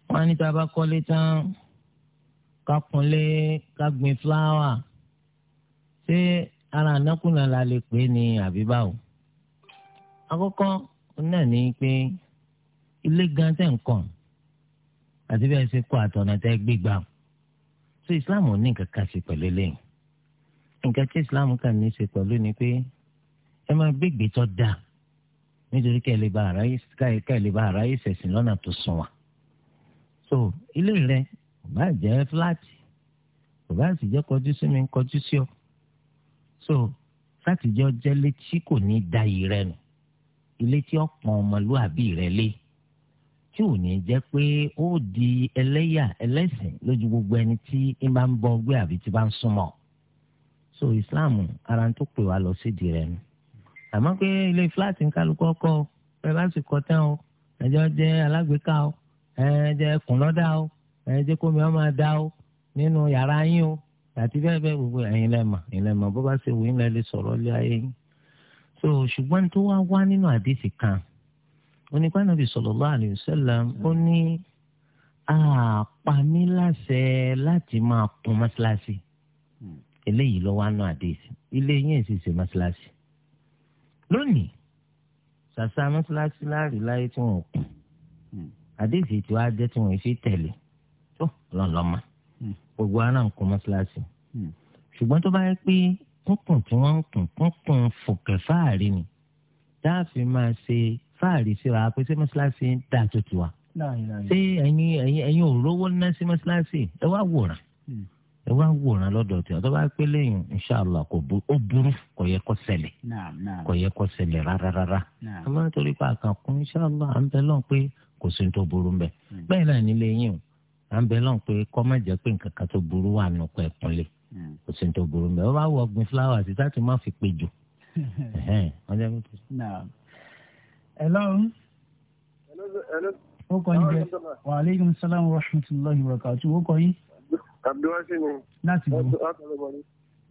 wọ́n á ní tá a bá kọ́lé tán ká kunlé ká gbin fúláwà ṣé ara ànákùnà la lè pè é ní àbíbáwò. àkọ́kọ́ náà ní pé ilé gan tẹ̀ ń kàn àti bẹ́ẹ̀ ṣe kọ́ àtọ̀nà tẹ́ gbígbà so islam ò ní nǹkan kan ṣe pẹ̀lú eléyìí nǹkan tí islam kàn ní ṣe pẹ̀lú ni pé ẹ máa gbégbé tó dáa nítorí ká ẹ lè ba ara yìí ṣẹ̀sìn lọ́nà tó sùn wà. so ilé rẹ kò bá jẹ́ fúláàtì kò bá sì jẹ́ kọjú sí mi kọjú sí ọ. so sátìjọ́ jẹ́ létí kò ní da yìí rẹ nù ilé tí ọ̀pọ̀ ọmọlúàbí rẹ lé tí ò ní jẹ́ pé ó di ẹlẹ́yà ẹlẹ́sìn lójú gbogbo ẹni tí ń bá ń bọ gbé àbí tí bá ń súnmọ́ so islam ara tó pè wá lọ sídìí rẹ̀ nu àmọ́ pé ilé fúláàtì ń kálukú ọkọ ẹ bá sì kọ tán o ẹjọ́ jẹ́ alágbèéká o ẹ jẹ́ o ẹ kómi ọmọ dá o nínú yàrá yín o àti bẹ́ẹ̀ bẹ́ẹ̀ gbogbo ẹ̀yin lẹ́mọ̀ ẹ̀yin lẹ́mọ̀ bó bá ṣe wù yín lẹ́ lè sọ̀rọ̀ lé ayé yín so ṣùgbọ́n tó wá wá nínú àdìsí kan onípa nàbì sallallahu alaihi wasallam ó ní àpamí láṣẹ láti máa kún mọ́ṣáláṣí hmm. eléyìí lọ́wọ́ àánú àdéhìí ilé yẹn sì ṣe mọ́ṣáláṣí lónìí ṣàṣà mọ́ṣáláṣí láàrin láyé tí wọ́n kù àdéhìí hmm. tí wàá jẹ́ tí wọ́n fi tẹ̀lé tó lọ́nlọ́mà hmm. gbogbo ara ń kún mọ́ṣáláṣí ṣùgbọ́n tó bá yẹ pé kúnkùn tí wọ́n ń kùn kúnkùn fòkè fáàrí ni tá máa ṣe fáàrí síra pé ṣé mọ́ṣáláṣí ń dà wa ṣé ẹ̀yin ẹ̀yin ẹ̀yin ò rówó ná sí mọ́ṣáláṣí ẹ wá wòrán hmm. ẹ wá lọ́dọ̀ tí ọ̀dọ́ bá pé lẹ́yìn inṣàlá kò burú ó burú kò yẹ kó ṣẹlẹ̀ kò yẹ kó kò sí tó burú mbẹ hmm. bẹ́ẹ̀ náà o à ń bẹ lọ́n pé kọ́ má jẹ́ pé nǹkan tó burú wà hmm. kò sí tó burú bá wọ fúláwà sí hello. hello. ó kọ́ yín bẹ́ẹ̀ wa aleykum salaam wa rahmatulahi wa barakatu ó kọ́ yín. abdulwasi ni. láti bọ̀ láti bọ̀ ni.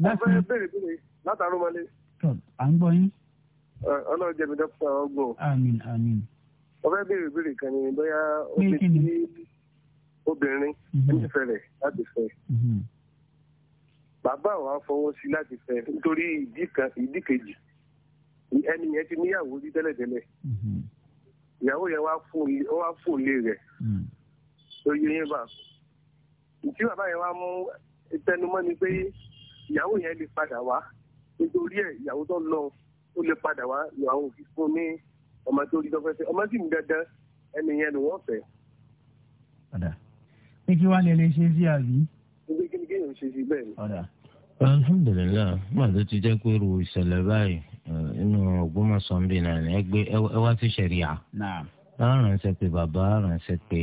láti bọ̀ bẹ́ẹ̀ bẹ́ẹ̀ látàrú wọlé. à ń gbọ́ yín. ọlọ́run jẹ̀bi dọ́kítà ọgbọ̀n. àmín àmín. wọ́n fẹ́ béèrè béèrè kan ní bóyá ó fi ti obìnrin ẹni mhm. fẹ́rẹ̀ láti fẹ́ mhm. bàbá wa fọwọ́ sí láti fẹ́ nítorí ìdí kejì ẹni yẹn ti níyàwó rí tẹ́lẹ̀tẹ́lẹ̀ mm-hmm. ìyàwó yẹn wá fún ilé rẹ̀ lóye mm. yẹn bá tí bàbá yẹn wá mú tẹnumọ́ ni pé ìyàwó yẹn lè padà wá nítorí ẹ̀ ìyàwó tó lọ ó lè padà wá lọ àwọn òfin fún ní ọmọ tó rí lọ́fẹ́fẹ́ ọmọ sì ń dandan ẹni yẹn ni wọ́n fẹ́. pé kí wàá lè lè ṣe sí àbí. pé kí ni kéèyàn ṣe sí bẹ́ẹ̀ ni. alhamdulilayi máa tó ti jẹ́ pé ru ìṣẹ̀lẹ̀ báyìí inú Ògbómọ̀ṣọ́ ń bì náà ni ẹ wá sí sẹ̀ríà ránṣẹ́ pé bàbá ránṣẹ́ pé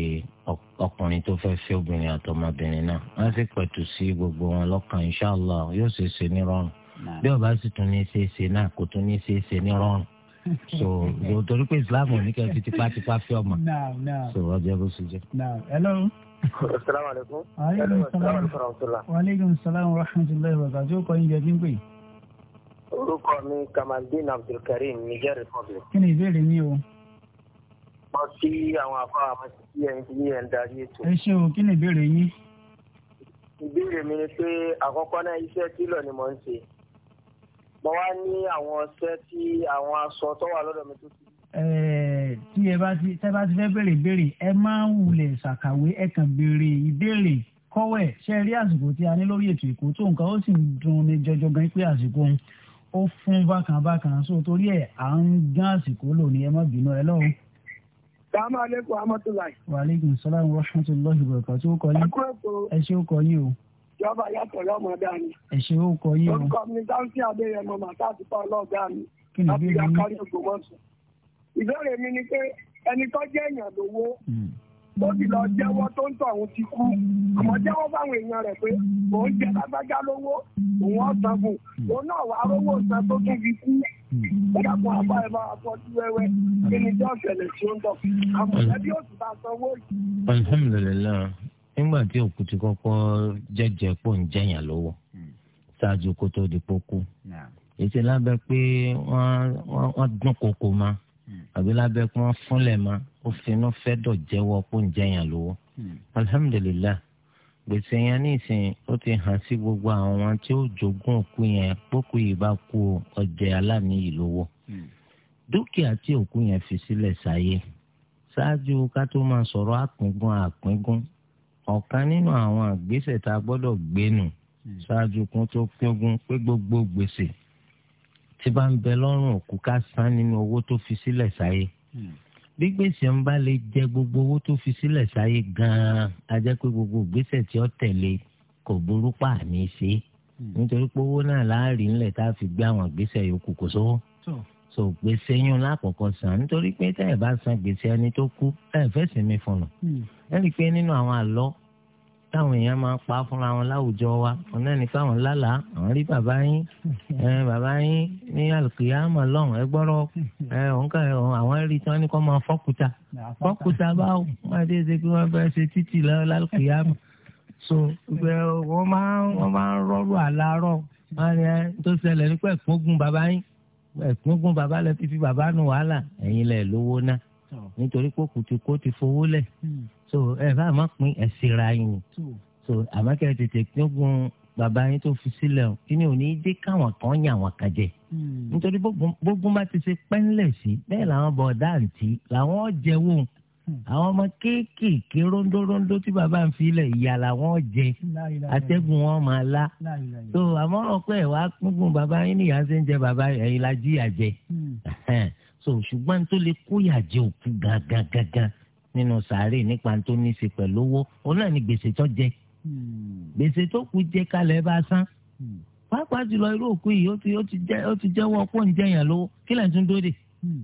ọkùnrin tó fẹ́ fi obìnrin àtọmọbìnrin náà wọ́n sì pẹ̀tù sí gbogbo wọn lọ́kàn inṣàlá yóò ṣe é ṣe ní rọrùn bí ọba sì tún ní í ṣe é ṣe náà kò tún ní ṣe é ṣe ní rọrùn so torí pé Islam ò ní kẹ́ fi tipátipá fi ọmọ so ọjọ́ bó ṣe jẹ́. asalaamualeykum. waaleykum salaam wa rahmatulahi wa barakatuh orúkọ mi kamaldeen abdulkareem niger republic. kí ni ìbéèrè mi o. mo sí àwọn afárá mo sì yẹ ní ẹ̀ ń darí ètò. ẹ ṣé o kí ni ìbéèrè yín. ìbéèrè mi ni pé àkọ́kọ́ náà iṣẹ́ kílọ̀ ni mò ń ṣe mo wá ní àwọn ọṣẹ tí àwọn aṣọ tó wà lọ́dọ̀ mi tó ti. tí ẹ bá ti tẹ́ bá ti fẹ́ béèrè béèrè ẹ máa ń wulẹ̀ ṣàkàwé ẹ kàn béèrè ìbéèrè kọ́wẹ̀ ṣe rí àsìkò tí a ní lórí ètò ìkó tó nǹkan ó sì ń dùn ní jọjọ gan pé àsìkò ó fún bákan bákan so torí ẹ à ń gán àsìkò lò ẹ má bínú ẹ lọ́wọ́. sàmú aleykum amátúláì. waaleykum salaam wa rahmatulahi wa barakatuh ó kọ yín. ẹ ṣé ó kọ yín o. ìjọba yàtọ̀ lọ́mọ dáa ni. ẹ ṣé ó kọ yín o. orúkọ mi dáńsí adéyẹmọ màtá àti pa ọlọ́ọ̀gá mi. kí ni ìbéèrè mi. ìbéèrè mi ni pé ẹni jẹ́ èèyàn lówó. Hmm ó ti lọ jẹ́wọ́ tó ń tọ̀hún ti kú àmọ́ jẹ́wọ́ fáwọn èèyàn rẹ̀ pé òun jẹ lágbájá lówó òun ọ̀sán fún òun náà wàá rówó ọ̀sán tó tún fi kú ìdàpọ̀ àbá ẹ̀ máa fọ́ sí wẹ́wẹ́ kí ni jọ́ ṣẹlẹ̀ tí ó ń tọ̀ àmọ̀lẹ́bí ó sì bá sanwó yìí. alhamdulilayi nígbà tí òkú ti kọ́kọ́ jẹ́jẹ́ pò ń jẹ̀yàn lówó ṣáájú kó tó di pókú èsì lábẹ́ pé wọ́n dún koko ma àbí lábẹ́ pé wọ́n fúnlẹ̀ ma ó finú fẹ́ dọ̀ jẹ́wọ́ kó ń jẹyàn lówó. Hmm. alhamdulilah gbèsè yẹn nísìnyí ó ti hàn sí gbogbo àwọn tí ó jogún òkú yẹn pókú yìí bá kú ọjẹ aláníyì lówó. Hmm. dúkìá tí òkú yẹn fi sílẹ̀ sáyé ṣáájú ká tó máa sọ̀rọ̀ àpíngún àpíngún ọ̀kan nínú àwọn àgbésẹ̀ tá a gbọ́dọ̀ gbénu hmm. ṣáájú kún tó píngun pé gbogbo gbèsè tí bá ń bẹ lọ́rùn òkú ká san nínú owó tó fi sílẹ̀ sáyé bí gbèsè ń bá lè jẹ gbogbo owó tó fi sílẹ̀ sáyé gan-an a jẹ́ pé gbogbo ìgbésẹ̀ tí ó tẹ̀lé kò burú pa àmì ṣe hmm. nítorí pé owó náà láàrin ńlẹ̀ tá a fi gbé àwọn ìgbésẹ̀ yòókù kò sówó so gbèsè yín lákòókò san nítorí pé tẹ́ ẹ̀ bá san gbèsè ẹni tó kú ẹ̀ fẹ́ sinmi fún un hmm. ẹ̀ rí i pé nínú àwọn àlọ́ táwọn èèyàn máa pa fúnra wọn láwùjọ wa wọn náà ní káwọn lálàá àwọn rí bàbá yín bàbá yín ní àlùkìyàmà lọ́hùn ẹ gbọ́rọ̀ òǹkà àwọn rí tí wọ́n ní kó máa fọ́kúta fọ́kúta báwo wọ́n dé ṣe kí wọ́n bẹ́ẹ̀ ṣe títì lálùkìyàmà so wọ́n máa wọ́n máa ń rọ́rùn àlárọ̀ wọ́n ní tó ṣẹlẹ̀ nípa ẹ̀kúngún bàbá yín ẹ̀kúngún bàbá lẹ fífi bàbá nù wàhálà ẹ̀yin lẹ̀ lówó ná nítorí pé kò ti fowó lẹ̀ hmm so ẹ bá a máa pín ẹsẹ̀ ra yín ni so àmọ́ kẹ́ ẹ tètè pínkún bàbá yín tó fi sílẹ̀ o kí ni ò ní dé káwọn kan yàn wọn kan jẹ hmm. nítorí gbógun bá ti ṣe pẹ́ńlẹ̀ sí bẹ́ẹ̀ làwọn bọ̀ dáǹtì làwọn jẹ́wọ́ hmm. àwọn ọmọ kéékèèké rondórondó tí bàbá ń filẹ̀ ìyá làwọn jẹ atẹ́gùn wọn máa la so àmọ́ ọ̀pẹ́ ẹ̀ wá gbógun bàbá yín ni ìyá ń jẹ bàbá ẹ̀yin la jẹ hmm. so ṣùgbọ́n tó lè kóyà jẹ òkú gangan gangan nínú sàárè nípa tó ní í ṣe pẹ̀lú owó òun náà ni gbèsè tó jẹ hmm. gbèsè tó kù jẹ kalẹ̀ bá san hmm. pàápàá jùlọ irú òkú yìí ó ti ó ti jẹ ó ti jẹ́wọ́ pọ̀ ń jẹyàn lówó kí lẹ́yìn tún dóde. Hmm.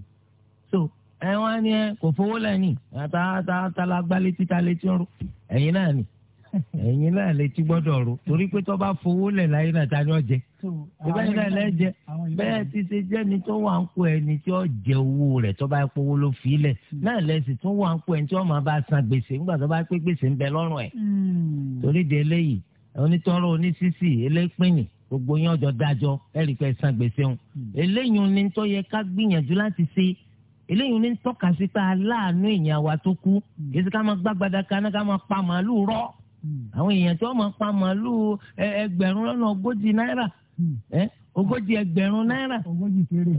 so ẹ wá ní ẹ kò fowó lẹ́yìn àtàtàtàlà gbálẹ̀ títa létí ọ̀rọ̀ ẹ̀yin náà ni ẹ̀yin náà létí gbọ́dọ̀ ro torí pé tó bá fowó lẹ̀ láyé náà ta ni ọ̀jẹ̀ bẹ́ẹ̀ náà lẹ́jẹ̀ bẹ́ẹ̀ ti ṣe jẹ́ ni tó wà ń kó ẹni tí ó jẹ owó rẹ̀ tó bá pọ̀ owó ló fi lẹ̀ hmm. náà lẹ́sìn tó wà ń kó ẹni tí ó máa bá san gbèsè ńgbà tó bá pé gbèsè ń bẹ lọ́rùn ẹ̀ hmm. torí de eléyìí onítọ́rọ̀ oníṣíṣì elépìnì gbogbo yín ọjọ́ dájọ́ ẹ̀rí pé san gbèsè ń hmm. eléyìí ni tó yẹ ká gbìyànjú láti ṣe eléyìí ni tọ́ka sí pé aláàánú èèyàn wa tó kú kí ká máa gbàgbàdà kaná ká máa pa màálù rọ́ àwọn èèyàn tí wọ́n máa pa màálù ẹgbẹ̀rún lọ́nà ogójì náírà Hmm. Eh? ogójì ẹgbẹ̀rún náírà. ogójì kéré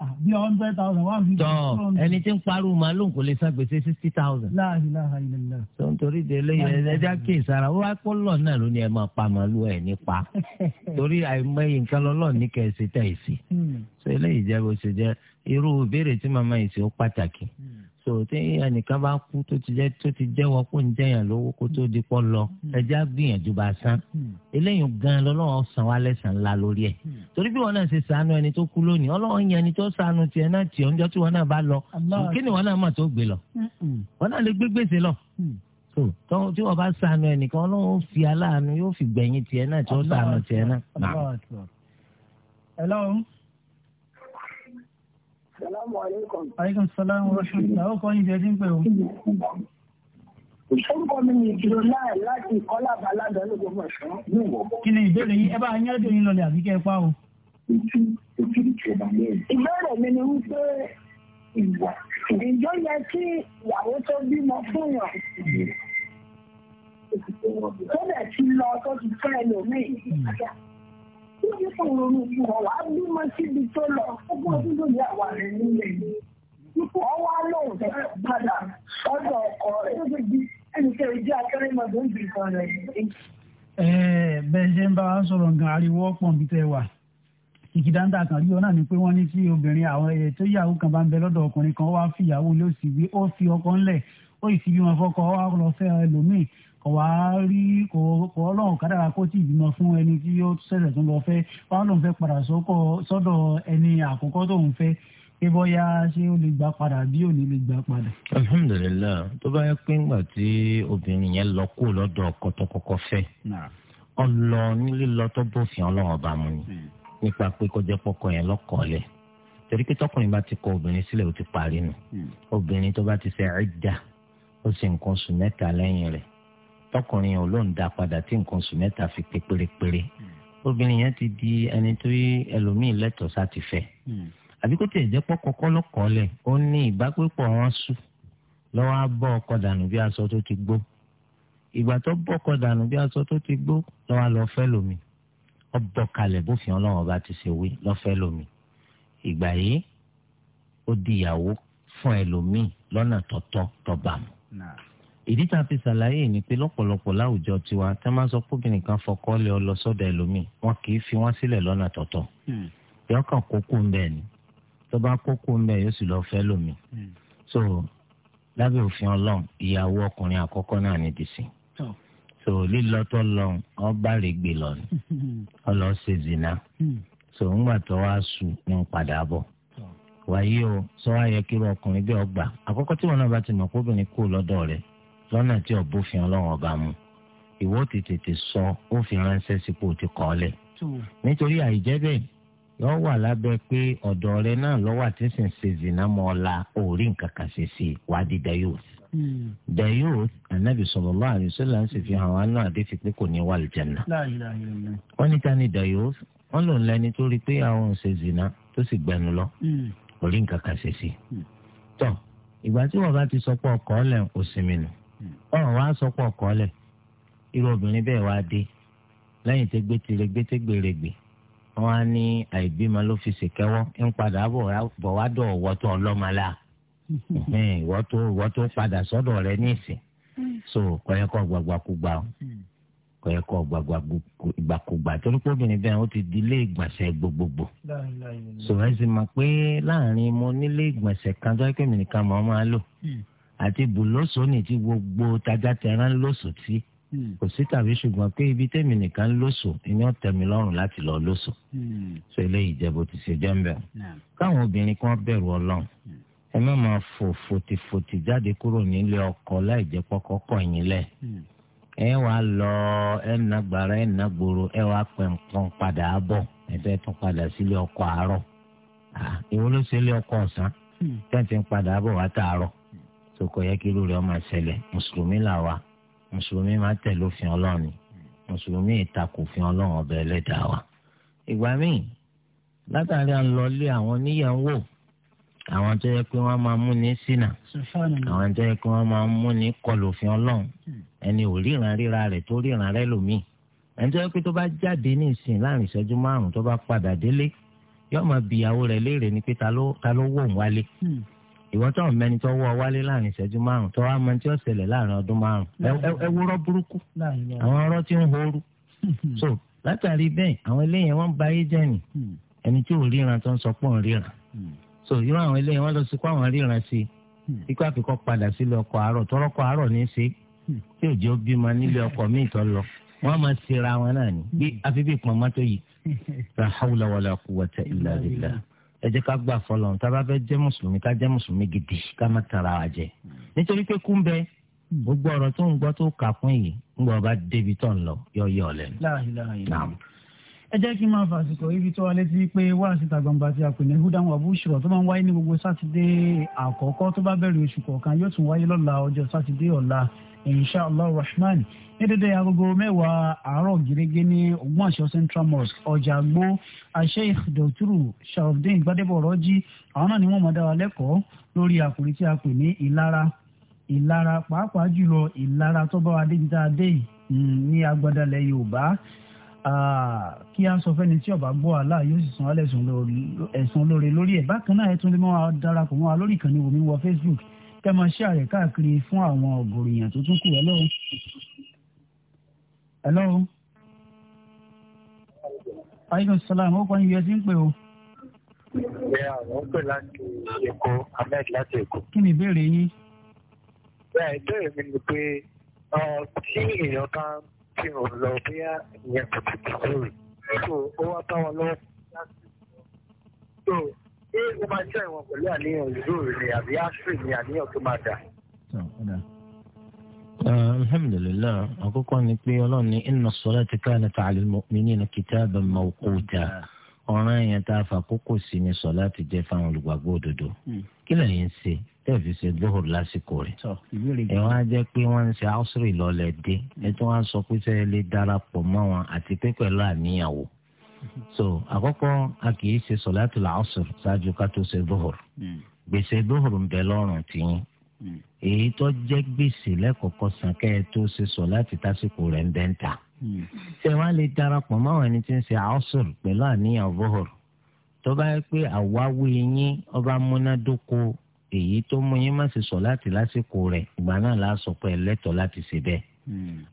eh, ah, bí hundred thousand one fifty. tọ ẹni tí ń pariwo màálù kò lè san gbèsè sixty thousand. la ilaha illallah. tó ń torí de lóye ẹja kì í sara ó wá pọ́ lọ náà ló ní ẹ máa pa màálù ẹ̀ nípa torí àìmọye nǹkan lọ́lọ́ ní kẹ̀sì tẹ̀sí. so eléyìí jẹ́ bó ṣe jẹ́ irú ìbéèrè tí màmá yìí ṣe ó so tí ẹnìkan bá kú tó ti jẹ́ tó ti jẹ́wọ́ kó ń jẹ́yàn lówó kó tó lọ ẹjẹ́ á gbìyànjú bá san eléyìí gan lọ́lọ́wọ́ san wá lẹ́sàn ńlá lórí ẹ̀ torí bí wọn náà ṣe sànú ẹni tó kú lónìí ọlọ́wọ́ yan ẹni tó sànú tiẹ̀ náà tiẹ̀ lọ kí ni wọn náà lọ wọn náà lè lọ tó tí wọn bá sànú ẹnìkan fi aláàánú yóò fi gbẹ̀yìn tiẹ̀ náà tí ó Assalamu alaikum. Alaikum salam wa rahmatullahi. Àwọn kan yìí jẹ́ dín pẹ̀ o. Orúkọ mi ni ìdúró náà láti Kọ́lá Balada lóògùn ọ̀ṣọ́. Kí ni ìbéèrè yín? Ẹ bá yín ádùn yín lọlẹ̀ àbí kẹ́ ẹ pa o. Ìbéèrè mi ni wípé ìwà. Ìjọ yẹ kí ìyàwó tó bímọ fún yàn tó dẹ̀ ti lọ tó ti fẹ́ lòmíì. Kí ni kò ronú fún ọ? Wàá bímọ síbi tó lọ. Ogún ọdún ló ní àwa rẹ̀ nílé. Ipò ọwọ́ lóhùn fẹ́ padà sọ́dọ̀ ọkọ rẹ̀. Ẹnìkan ìdí akẹ́rẹ́mọdé ń bìkan rẹ̀. Bẹ́ẹ̀ ṣe ń bá wa sọ̀rọ̀ nǹkan ariwo ọ̀pọ̀ níbi tẹ́ wà ìkìdáńtà kan rí ọ náà ni pé wọ́n ní tí obìnrin àwọn ẹ̀yẹ tó yàwó kan bá ń bẹ lọ́dọ̀ ọkùnrin kan wá fìyàwó ló ó fi ọkọ ńlẹ̀ ó sì fi wọn fọkọ wá lọ fẹ́ ẹlòmíì kò wá rí kò kò ọlọ́run kádàrá kó tí ìbímọ fún ẹni tí ó ṣẹ̀ṣẹ̀ tún lọ fẹ́ wọn lòun fẹ́ padà sọ́dọ̀ ẹni àkọ́kọ́ tóun fẹ́ pé bóyá ṣé ó lè gbà padà bí ò ní lè gbà padà. alhamdulilayi tó bá yẹ pé ńgbà tí obìnrin yẹn lọ kó lọ́dọ̀ ọkọ tó kọ́kọ́ fẹ́ ọlọ nílé lọ bófin ọlọ́run ọba mu ni hmm. nípa pé kọjá pọkọ yẹn lọkọọlẹ torí pé tọkùnrin bá ti kọ obìnrin sílẹ̀ ó ti parí nù hmm. obìnrin tó bá ti ṣe idda ó sì nǹkan oṣù mẹ́ta lẹ́yìn rẹ̀ tọkùnrin yẹn olóhùn dá padà tí nǹkan oṣù mẹ́ta fi pé pérépéré obìnrin yẹn ti di ẹni tó yí ẹlòmíì lẹ́tọ̀ọ́ sáti fẹ́ hmm. àbí kó tiẹ̀ jẹ́ pọ́ kọ́kọ́ lọ́kọ́ọ́lẹ̀ ó ní ìbápẹ́pọ̀ wọn sùn lọ́wọ́ á bọ́ ọkọ dànù bí aṣọ tó ti gbó ìgbà tó bọ́ ọkọ dànù bí aṣọ tó ti gbó lọ́wọ́ á lọ fẹ́ lómi ọ bọ́ kalẹ̀ bófin ọlọ́run ọba ti ṣe wí lọ́fẹ́ lómi ìgbà yìí ó di ìyàwó fún ẹlòmíì lọ́nà tọ̀tọ̀ tọ́ba Nah ìdí tá a fi ṣàlàyé ni pé lọ́pọ̀lọpọ̀ láwùjọ tiwa tá a máa sọ pé obìnrin kan fọkọ lé ọ lọ sọ́dọ̀ ẹlòmíì wọn kì í fi wọn sílẹ̀ lọ́nà tọ̀tọ̀ hmm. yọ kàn kókó ń bẹ̀ ni tó bá kókó ń bẹ̀ yóò sì lọ fẹ́ lómi hmm. so lábẹ́ òfin ọlọ́run ìyàwó ọkùnrin àkọ́kọ́ náà ní dìsí so lílọ tó lọ ọ bá rè gbé lọ ni hmm. ọ lọ ṣe zina so ńgbà tó wá sùn ní padà bọ̀ wàyí o sọ wá yẹ kí ọkùnrin bí ọgbà àkọ́kọ́ tí wọn náà bá ti mọ̀ kóbìnrin kú lọ́dọ̀ rẹ̀ lọ́nà tí ọ̀bù fi hàn lọ́wọ́ ọba mu ìwọ ti tètè sọ ó fi ránṣẹ́ sípò ti kọ́ lẹ̀ nítorí àìjẹ́ bẹ́ẹ̀ yọ wà lábẹ́ pé ọ̀dọ̀ rẹ náà lọ́wọ́ àti sìn ṣe zìnnà mọ́ ọ̀la òórí nǹkan kan ṣe sí wádìí dayos dayos anabi sallallahu alaihi wasallam ń sì fi hàn wánú àdéfi pé kò ní wà lùjẹ̀nà wọ́n níta ni dayos wọ́n lòun lẹni tó rí pé àwọn ò ṣe zìnnà tó sì gbẹnu lọ hmm. òórí nǹkan kan ṣe sí hmm. tọ́ ìgbà tí wọ́n bá ti sọ pé ọkọ̀ ọ̀lẹ̀ òsìmìnù ọ̀run wá sọ pọ̀ kọ́lẹ̀ irú obìnrin bẹ́ẹ̀ wá dé lẹ́yìn tó gbé tirẹ̀ gbé tó gbèrè gbè wọ́n á ní àìbímọ ló fi ṣèkẹ́wọ́ ń padà bọ̀ wá dọ̀ ọ̀wọ́ tó ọlọ́mọ la ìwọ́ tó ìwọ́ tó padà sọ́dọ̀ rẹ nísìn so kọ́yẹ́kọ́ gbàgbàkúgbà kọ́yẹ́kọ́ gbàgbàkúgbà torí pé obìnrin bẹ́ẹ̀ ó ti di ilé ìgbọ̀nsẹ̀ gbogbogbò so ẹ sì mọ̀ pé láàrin mo nílé ìgbọ̀nsẹ̀ kan tó ẹ́ mi nìkan mọ̀ ọ́ máa lò àti bùlọ́sọ̀nì tí gbogbo tajà tẹran lóṣù tí hmm. kò sí tàbí ṣùgbọ́n pé ibi tẹ̀mí nìkan lóṣù ìyẹn tẹ̀mí lọ́rùn láti lọ lóṣù ṣe hmm. eléyìí jẹ́ bó ti ṣe jẹ́ ń bẹ̀. káwọn obìnrin kan bẹ̀rù ọlọ́run hmm. ẹ má máa fò fòtìfòtì jáde kúrò nílé ọkọ láì jẹ́ pọ́kọ́ kọ̀ yín lẹ̀ ẹ wàá lọ ẹ nà gbàrà ẹ nà gbòòrò ẹ wàá pẹ̀ nǹkan padà bọ̀ ẹ fẹ́ tún padà sílé ọkọ àárọ̀ ìwọ ló ṣe ọ̀sán tẹ́ǹtì ń padà bọ̀ wá tààrọ̀ sọkọ yẹ kí irú rẹ̀ máa ṣẹlẹ̀ mùsùlùmí là wa mùsùlùmí máa tẹ̀lé òfin ọlọ́run ni mùsùlùmí ìtakò òfin ọlọ́run ọbẹ̀ ẹlẹ́dàá wa. ìgbà míì látàrí à ń lọlé àwọn níyàwó àwọn tó yẹ pé wọ́n máa mú ní ṣìnà àwọn tó yẹ pé wọ́n máa mú ní kọlù òfin ọlọ́run ẹni ò ríran ríra rẹ̀ tó ríran rẹ̀ lòmíì ẹni tó yẹ pé tó bá jáde ní ìsìn láàrin ìṣẹ́jú márùn tó bá padà délé yóò máa bi ìyàwó léèrè ni pé ta ló wò ń wálé hmm ìwọ tó ń mẹni tó wọ wálé láàrin ìṣẹ́jú márùn tó wá mọ tí láàrin ọdún márùn ẹ wúrọ́ burúkú àwọn ọ̀rọ̀ tí ń horú so látàrí bẹ́ẹ̀ àwọn eléyìí wọ́n ba ayé jẹ́ nì hmm. ẹni tí ò ríran tó ń sọ pé òun ríran hmm. so irú àwọn eléyìí wọ́n lọ sí kó àwọn ríran sí i hmm. ikú àfikọ́ padà sílé ọkọ̀ àárọ̀ tọ́rọ́kọ̀ àárọ̀ ní í ṣe tí òjò bímọ nílé ọkọ̀ míì tó lọ wọ́n máa ṣera wọn náà ni bí àfi bí pọnmọ́tò yìí ra hawla wala quwwata ẹ jẹ́ ká gbà fọlọ tá a bá fẹ́ jẹ́ mùsùlùmí ká jẹ́ mùsùlùmí gidi ká má tara wa jẹ nítorí pé kú ń bẹ gbogbo ọ̀rọ̀ tó ń gbọ́ tó kà fún yìí ń gbọ́ ọba débi tó ń lọ yọ yọ lẹ́nu. ẹ jẹ́ kí n máa fàṣìkò ibi tó wà létí pé wáàsí ìta gbangba tí a pè ní húdà wà búṣùrọ̀ tó máa ń wáyé ní gbogbo sátidé àkọ́kọ́ tó bá bẹ̀rẹ̀ oṣù kọ̀ọ̀kan yóò tún wáyé lọ́la ọjọ́ sátidé ọ̀la inshallah rahman ní dédé agogo mẹ́wàá àárọ̀ gẹ́gẹ́ ní ogunwàṣọ central mosque ọjà gbó asheikh dọ̀túrù sharafdin gbadebo rọ́jí àwọn náà ni wọ́n mọ̀ dá wa lẹ́kọ̀ọ́ lórí àkòrí tí a pè ní ìlara ìlara pàápàá jùlọ ìlara tó bá wa dé ní tá a dé mm, ní agbadalẹ̀ yorùbá kí a sọ fẹ́ni tí ọba gbọ́ àlá yóò sì san alẹ́ ẹ̀sùn lóore lórí ẹ̀ bákan náà ẹ̀ tún lè mọ́ wa darapọ̀ mọ́ wa lórí ìkànnì wòmí wọ facebook kẹ́ máa ṣe àrẹ káàkiri fún àwọn ọ̀gọ̀rọ̀ èèyàn tó tún kù ẹ lọ́wọ́. ẹ lọ́wọ́. aleykum salaam ó kọ́ ní iye tí ń pè o. ìyá àwọn ń pè láti èkó ahmed láti èkó. kí ni ìbéèrè yín. ìyá ìbéèrè mi ni pé tí èèyàn bá ń kírun lọ bóyá ìyẹn kò tètè sórí. ó wá bá lọ́wọ́ láti ṣé ó máa jẹ́ ìwọ̀n pẹ̀lú àníyàn zoro ni àbí ashray ni àníyàn tó máa dà. alhamdulilayi àkọ́kọ́ ni pé Ọlọ́run ní inna as-salata kanat 'ala al-mu'minina kitaban mawquta ọ̀ràn yẹn tá a fà kókò sí ni sọlá ti jẹ́ fáwọn olùgbàgbọ́ òdodo hmm. kí lẹ́yìn ń ṣe tẹ́ẹ̀ fi ṣe dóhùn lásìkò rẹ̀ ẹ̀ wọ́n jẹ́ pé wọ́n ń ṣe áùsírì lọ́lẹ̀ dé ẹ̀ tí wọ́n sọ pé sẹ́yìn lè darapọ̀ mọ́ wọn àti pé pẹ̀lú àníyàwó so àkọ́kọ́ a kì í ṣe sọ̀láàtù làásùr ṣáájú ká tó ṣe dóhùr hmm. gbèsè dóhùr ń bẹ lọ́rùn tìyín hmm. èyí tó jẹ́ gbèsè lẹ́kọ̀ọ́kọ́ san kẹ́ ẹ tó ṣe sọ̀láàtì tásìkò rẹ̀ ń bẹ́ ń ta hmm. ṣé wàá lè darapọ̀ máwọn ẹni tí ń ṣe àásùr pẹ̀lú àníyàn dóhùr tó bá yẹ pé àwáwí yín ọba múnádóko èyí tó mú yín má ṣe sọ̀láàtì lásìkò rẹ̀ ìgbà náà lásọpọ̀ ẹlẹ́tọ̀ láti ṣe bẹ́ẹ̀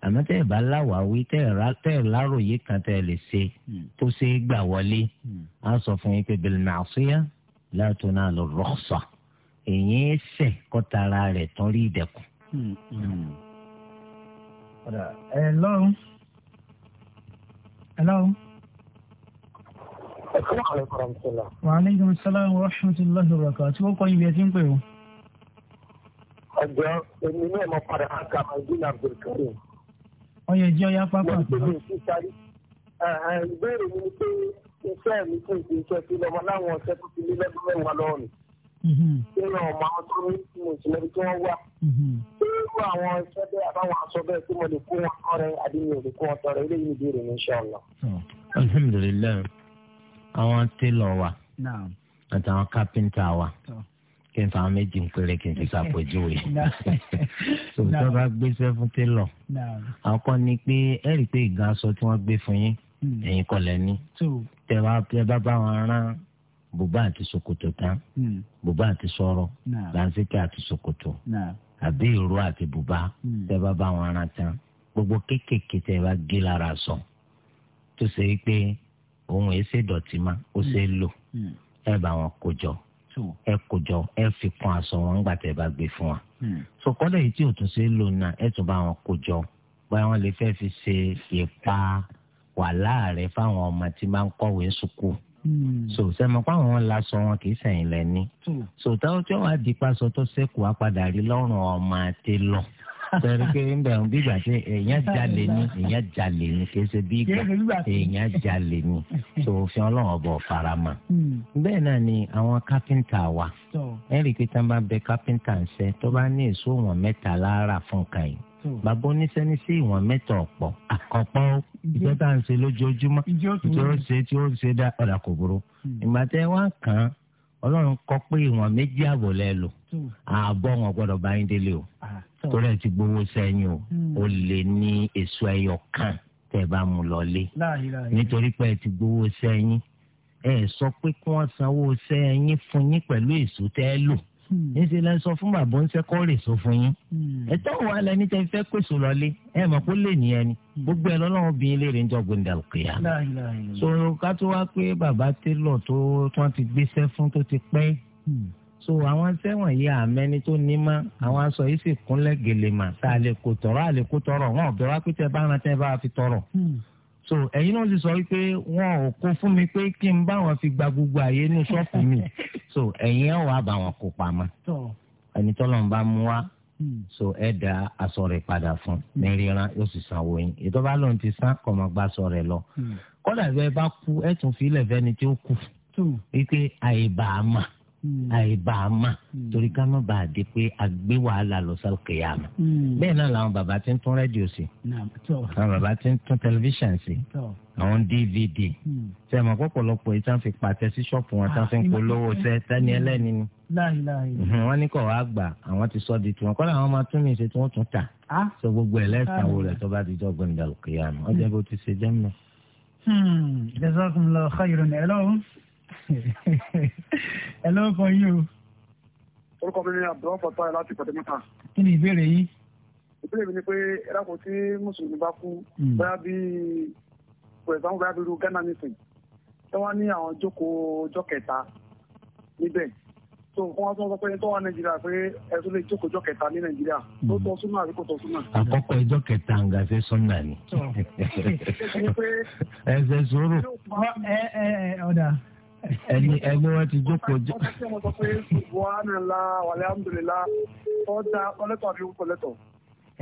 àmọ́ tẹ́ ẹ̀ bá láwàáwí tẹ́ ẹ̀ láròyé kan tẹ́ ẹ lè ṣe tó ṣe é gbà wọlé á sọ fún yín pé bẹ̀rẹ̀ náà ṣíyá láti náà lọ rọ́ọ̀sà èyí ń sẹ̀ kọ́tara rẹ̀ tán rí ìdẹ̀kùn. ẹ lọ́rùn ẹ lọ́rùn. Wa aleykum salaam wa rahmatulahi wa barakatuh. Tí wọ́n kọ́ ibi ẹ ti ń pè o ọjọ́ èmi náà mo padà àkà ọdún abdulkareem. ọyọ ìjọ ya pápá àtúntò. ìbéèrè mi ni pé iṣẹ́ mi kò sí iṣẹ́ sí lọ́mọ láwọn ọ̀sẹ̀ tó ti lé lọ́dún mẹ́wàá lọ́wọ́ mi. Mhm. ṣé ọmọ àwọn tó ní mùsùlùmí tí wọ́n wà. Mhm. ṣé irú àwọn iṣẹ́ bẹ́ẹ̀ àbáwọn aṣọ bẹ́ẹ̀ tí mo lè kó wọn tọrẹ àdéhùn òde kó wọn tọrẹ eléyìí ìbéèrè mi ṣe ọ̀nà. alhamdulilayi àwọn kí n fa méjì ń péré kí n ti ṣàpèjúwe tòótọ́ bá gbéṣẹ́ fún télọ̀ àkọ́ ni pé ẹ rí i pé ìgbà aṣọ tí wọ́n gbé fún yín hmm. ẹ̀yin kọlẹ̀ ní tẹ bá bá wọn rán bùbá àti ṣòkòtò tán hmm. bùbá àti sọ̀rọ̀ làǹsíkẹ́ àti ṣòkòtò àbí ìró àti bùbá hmm. tẹ bá bá wọn rán tán gbogbo kéékèèké tẹ bá gé lára sọ tó ṣe é pé òun èé ṣèdọ̀tí má ó ṣe é lò ẹ bá wọn kó jọ ẹ kò jọ ẹ fi kún aṣọ wọn gbà tẹ́ bá gbé fún wa. Hmm. so kọ́lẹ̀ yìí tí òtún ṣe lò náà ẹ tún bá wọn kó jọ báyọ̀ wọn lè fẹ́ fi ṣe ìpa wà láàrẹ fáwọn ọmọ tí máa ń kọ̀wé sùkú. Hmm. so sẹ́mi páwọn wọn láṣọ wọn kì í sẹ̀yìn lẹ́ni. Hmm. so táwọn tí wọ́n á di pásọ tó ṣẹ́kù á padà rí lọ́rùn ọmọ àti lọ sọ̀rọ̀ pé ń bẹ̀rù bí ìgbà tí èèyàn jalè ni èèyàn jalè ni kì í ṣe bí ìgbà èèyàn jalè ni tó òfin ọlọ́run ọ̀bọ̀ farama. Hmm. bẹ́ẹ̀ náà ni àwọn kápẹ́ńtà wa ẹ̀rí pé tán bá bẹ kápẹ́ńtà ń ṣe tó bá ní èso wọn mẹ́ta lára fún kan yìí bàbá oníṣẹ́ ní sí ìwọ̀n mẹ́ta ọ̀pọ̀ àkọ́pọ́ ìjọ tá à ń ṣe lójoojúmọ́ ìjọ ń ṣe tí ó ń ṣe dá ọ̀dà kò ọlọ́run kọ pé ìwọ̀n méjì àbọ̀ lẹ lò ààbọ̀ wọn gbọ́dọ̀ bá yín délé o ah, torí ẹ ti gbowó sẹ́yìn o hmm. o lè ní èso ẹyọ kan tẹ́ ẹ bá mú lọlé nítorí pé ẹ ti gbowó sẹ́yìn ẹ sọ pé kí wọ́n sanwó sẹ́yìn fún yín pẹ̀lú èso tẹ́ ẹ lò. Hmm. níṣẹ́ la sọ fún bàbá ń sẹ́kọ́ rè sọ fún yín hmm. ẹ̀tọ́ wa la ní tẹ́ fẹ́ pèsè lọ́lé ẹ̀ kó lè nìyẹn ni hmm. gbogbo ẹ̀ lọ́lọ́run bí ilé rẹ̀ ń jọ gbòǹda so ká tó wá pé bàbá télọ̀ tó tán ti gbéṣẹ́ fún tó ti pẹ́ so àwọn sẹ́wọ̀n yìí àmẹ́ni tó ní ma àwọn aṣọ yìí sì kúnlẹ̀ gèlè mà tá a lè kó tọrọ àlè kó tọrọ wọn ò bẹ wá pé tẹ bá rántẹ bá fi tọrọ so ẹ̀yin náà sì sọ wípé wọn ò kó fún mi pé kí n bá wọn fi gba gbogbo àyè ní ṣọ́ọ̀fù mi so ẹ̀yin ẹ̀ wàá bá wọn kó pamọ́ ẹni tọ́lọ̀ ń bá mú wá hmm. so ẹ dá aṣọ rẹ̀ padà fún ní ríran yóò sì sanwó yín ètò bá lóun ti san kọ́ ọmọ gbá aṣọ rẹ̀ lọ hmm. kọ́dà ẹ bá kú ẹ tún fi ilẹ̀ fẹ́ni tí ó kù wípé àyè bàá mà. Hmm. àìbá a mà hmm. torí ká má bàa di pé a gbé wàhálà lọ sọ kéyàmà hmm. bẹ́ẹ̀ náà làwọn bàbá ti ń tún rédíò sí àwọn bàbá ti ń tún tẹlifíṣàn sí àwọn dvd ṣe àmọ́ pọ̀pọ̀lọpọ̀ yìí tá fi pàtẹ sí ṣọ́ọ̀pù wọn tá fi ń ah, polówó ṣe tẹ́ni ẹlẹ́ni ni wọ́n ní kọ̀ wá gbà àwọn ti sọ di tiwọn kọ́lá àwọn máa tún mi ṣe tí wọ́n tún tà ah. sọ gbogbo ẹ̀ lẹ́sàn-án ah, wo rẹ̀ tó bá ti jọ gbẹ̀ndàlùkìyàmù ọjọ́ ibo ti ṣe jẹ́ mọ́ ẹ lọ́kọ yín o. orúkọ mi ni abdul fatah ẹ láti pàtẹ́mọ́ta. kí ni ìbéèrè yín. ìbéèrè mi ni pé ẹ̀rọ tí mùsùlùmí bá kú hmm. bóyá bíi for example bóyá bíi irú ghana nation tí wọ́n ní àwọn jókòó ọjọ́ kẹta níbẹ̀ tó fún wa tó sọ pé tó wà nàìjíríà pé ẹtún lè jókòó ọjọ́ kẹta ní nàìjíríà tó tọ́ súnmọ́ àbí kò tọ́ súnmọ́. àkọ́kọ́ ẹjọ́ kẹta ń gàfẹ́ sọ́nà ni. ẹsẹ̀ sọ̀rọ̀. ọ̀dà ẹni ẹni wọn ti jókòó jọ. ọ̀sẹ̀ tí mo sọ pé buhari ńlá wàlẹ́ àmúdùlélá ọ̀dà ọlẹ́tọ̀ àbí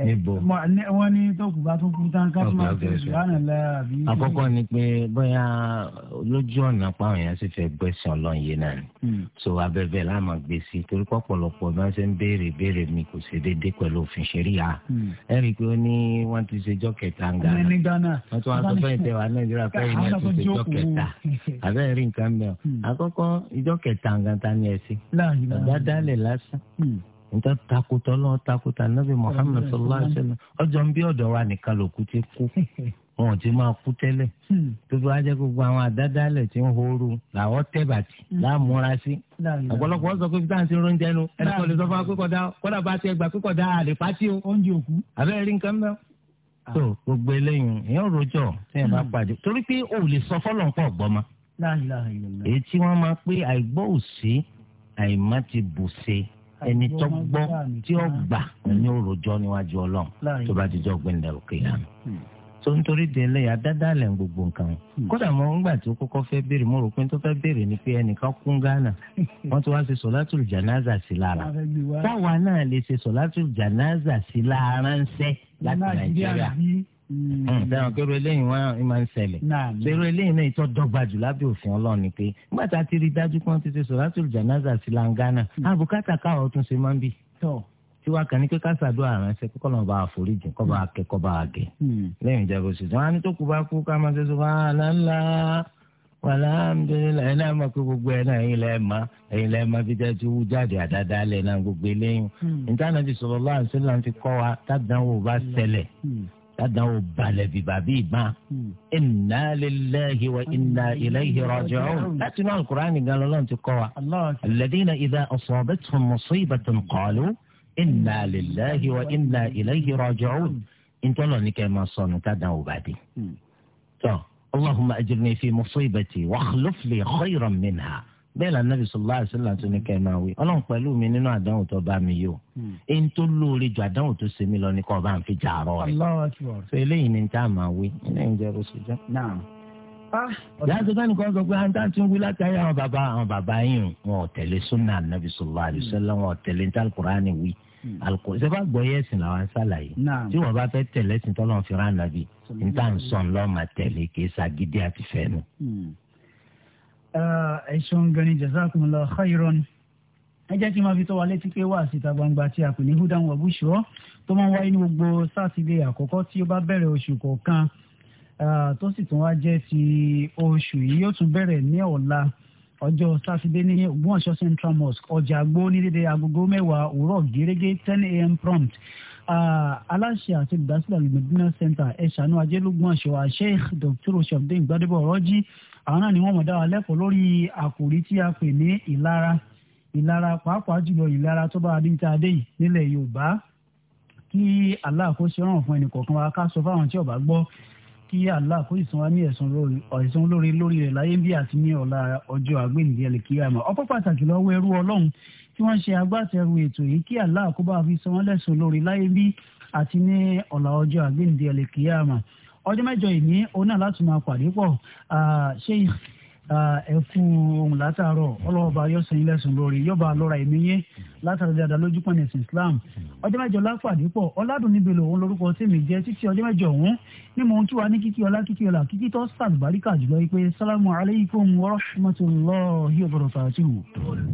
níbo. wọ́n ní tókù bá tún kú tán ká tó máa fi ìṣúná lára àbí. àkọ́kọ́ ni pé bóyá lójú ọ̀nà páwọn èèyàn sì fẹ́ gbẹ̀sán ọlọ́ọ̀yẹ náà ni. Hmm. so abẹ́bẹ̀ láàmú gbé sí i torí pọ̀pọ̀lọpọ̀ bá ṣe ń béèrè béèrè mi kò ṣe déédéé pẹ̀lú òfin ṣẹ̀ríà. Hmm. ẹ rí i pé ó ní wọ́n ti ṣe jọ́ kẹta ń ga. wọ́n tún wá sọ fẹ́yìn tẹ wà náà o. Hmm. àkọ́kọ́ ìjọ́ kẹta ń gan ta ni ẹ sí níta takutọ lọ takuta nabi muhammed sallallahu alaihi wa sallam ọjọ́ ń bí ọ̀dọ̀ wa nìkan lòkú ti kú wọn ò ti máa kú tẹ́lẹ̀ tóbi wá jẹ́ gbogbo àwọn àdádálẹ̀ tí ń horú làwọ̀ tẹ́bàtì láàmúra sí ọ̀pọ̀lọpọ̀ sọ pé bíi táǹtì oúnjẹ nu ẹni kò lè sọ fún wa pípọ̀ dá kódà bá ti ẹgbà pípọ̀ dá àlè pátí o oúnjẹ òkú abẹ́rẹ́ rí nǹkan mẹ́wọ́. tó ah. gbogbo eléyìí èèyàn rojọ́ tí èèyàn bá hmm. pàdé torí pé o ò lè sọ fọlọ́npọ̀ gbọ́mọ. èyí tí wọ́n máa pé àìgbọ́ òsì àìmá ti bù ẹni tó gbọ́ tí ó gbà ní òròjọ́ níwájú ọlọ́run tó bá ti jọ gbẹ̀ndẹ̀ òkè yàrá hmm. tó ń torí délé àdádálẹ̀ ń gbogbo nǹkan hmm. kódà mo ń gbà tí ó kọ́kọ́ fẹ́ béèrè mo rò pé tó fẹ́ béèrè ni pé ẹnìkan kún Ghana wọ́n ti wá ṣe sọ̀látùlù jànáza sí lára táwa náà lè ṣe sọ̀látùlù jànáza sí lára ń láti Nàìjíríà sẹ́wọ̀n kẹ́rù eléyìí wọ́n á máa ń ṣẹlẹ̀ kẹ́rù eléyìí náà ìtọ́ dọ́gba jù lábẹ́ òfin ọlọ́run ni pé nígbà tá a ti rí dájú pé wọ́n ti ṣe sọ̀rọ̀tò jànáza sí langana àbùkátà hmm. káwọ́ tún ṣe máa ń bì tí wàá kàn ní pé ká ṣàdúrà ránṣẹ́ kó kọ́nà bá a forí jù kọ́ bá a kẹ́ kọ́ bá a gẹ̀ hmm. lẹ́yìn ìjàgbọ́ sí wọn á ní tó kú bá kú ká máa ṣe sọ fún aláǹlá alhamdulilayi ẹnna ma ko gbogbo ẹ náà ẹyin lẹ ma ẹyin lẹ ma fi tẹ́tí wú jáde àdáda lẹ náà gbogbo eléyìí nítorí àná ti tada o oh, balẹ̀ bíbá bíi ban hmm. inna lillahi wa inna ilayhi raji'un láti inú alukur'ani gan lọ́lọ́run ti kọ́ wa alladhina idha asabatuhum musibatun qalu inna lillahi wa inna ilayhi raji'un ntọ́nà ní kẹ́ máa sọnù tada o bá tọ́ allahumma ajirni fi musibati wa akhlif li khayran bẹ́ẹ̀ la nàbì sọlá àṣìlá tó ní kẹ́ ẹ máa wí ọlọ́run pẹ̀lú mi nínú àdánwò tó bá mi yìí o èyí tó lóore ju àdánwò tó ṣe mí lọ ní kọ́ bá ń jà àárọ̀ rẹ̀ so eléyìí ni tá a máa wí eléyìí jẹ́ bó ṣe jẹ́. yàtọ̀ ah, bá nìkan sọ pé àǹtá ti ń wí láti ayé àwọn bàbá àwọn bàbá yìí wọn ò tẹ̀lé súnà nàbì sọlá àṣìlá wọn ò tẹ̀lé ní alukurani wí hmm. alukur ṣe bá gbọ́ yẹ́sìn làwọn ṣàlàyé tí wọ́n ẹ̀sùn gani jazakumullahu khairan ẹ jẹ́ kí n máa fi tó wa létí pé wá síta gbangba tí a pè ní hudan wa bushra tó máa ń wáyé ní gbogbo sátidé àkọ́kọ́ tí ó bá bẹ̀rẹ̀ oṣù kọ̀ọ̀kan tó sì tún wá jẹ́ ti oṣù yìí yóò tún bẹ̀rẹ̀ ní ọ̀la ọjọ́ sátidé ní ògbómọ̀ṣọ́ central mosque ọjà àgbo ní dédé agogo mẹ́wàá òwúrọ̀ gẹ́gẹ́ ten a.m. prompt aláṣẹ àti olùdásílẹ̀ alimọ̀dúnà center ẹ̀ṣánú ajẹ́lógún àṣọ sheikh dr shabdin gbadebo ọ̀rọ̀jì àwọn náà ni wọ́n mọ̀ dá wa lẹ́kọ̀ọ́ lórí àkòrí tí a pè ní ìlara ìlara pàápàá jùlọ ìlara tó bá adé tá a yìí nílẹ̀ Yorùbá kí Allah kó ṣe ràn fún ẹnì kọ̀ọ̀kan wa ká sọ fáwọn tí ó gbọ́ kí Allah kó ìsanwó ní ẹ̀sùn lórí lórí rẹ̀ láyé bí àti ní ọ̀la ọjọ́ àgbéǹde ẹlẹ́kíyàmọ́ ọpọ́ pàtàkì lọ́wọ́ ẹrú Ọlọ́run tí wọ́n ṣe agbátẹrù ètò yìí kí Allah kó bá fi sanwó lẹ́sùn lórí láyé bí àti ní ọ̀la ọjọ́ àgbéǹde ẹlẹ́kíyàmọ́ ọjọ́ mẹ́jọ ìní òun náà láti máa pàdé pọ̀ ṣé ẹ fún ohun látàárọ̀ ọlọ́ọ̀bá yóò sẹ́yìn lẹ́sùn lórí yóò bá lọ́ra ẹ̀mí yẹn látàrí dáadáa lójú pọ̀ ní Islam ọjọ́ mẹ́jọ lápàdé pọ̀ ọ̀làdùn níbi lòun lórúkọ tèmi jẹ́ títí ọjọ́ mẹ́jọ ọ̀hún ní mò ń kí wa ní kíkí ọlá kíkí ọlá kíkí tó sàlùbáríkà jùlọ yìí pé sálámù alaykum wa rahmatulahi wa barakatuhu.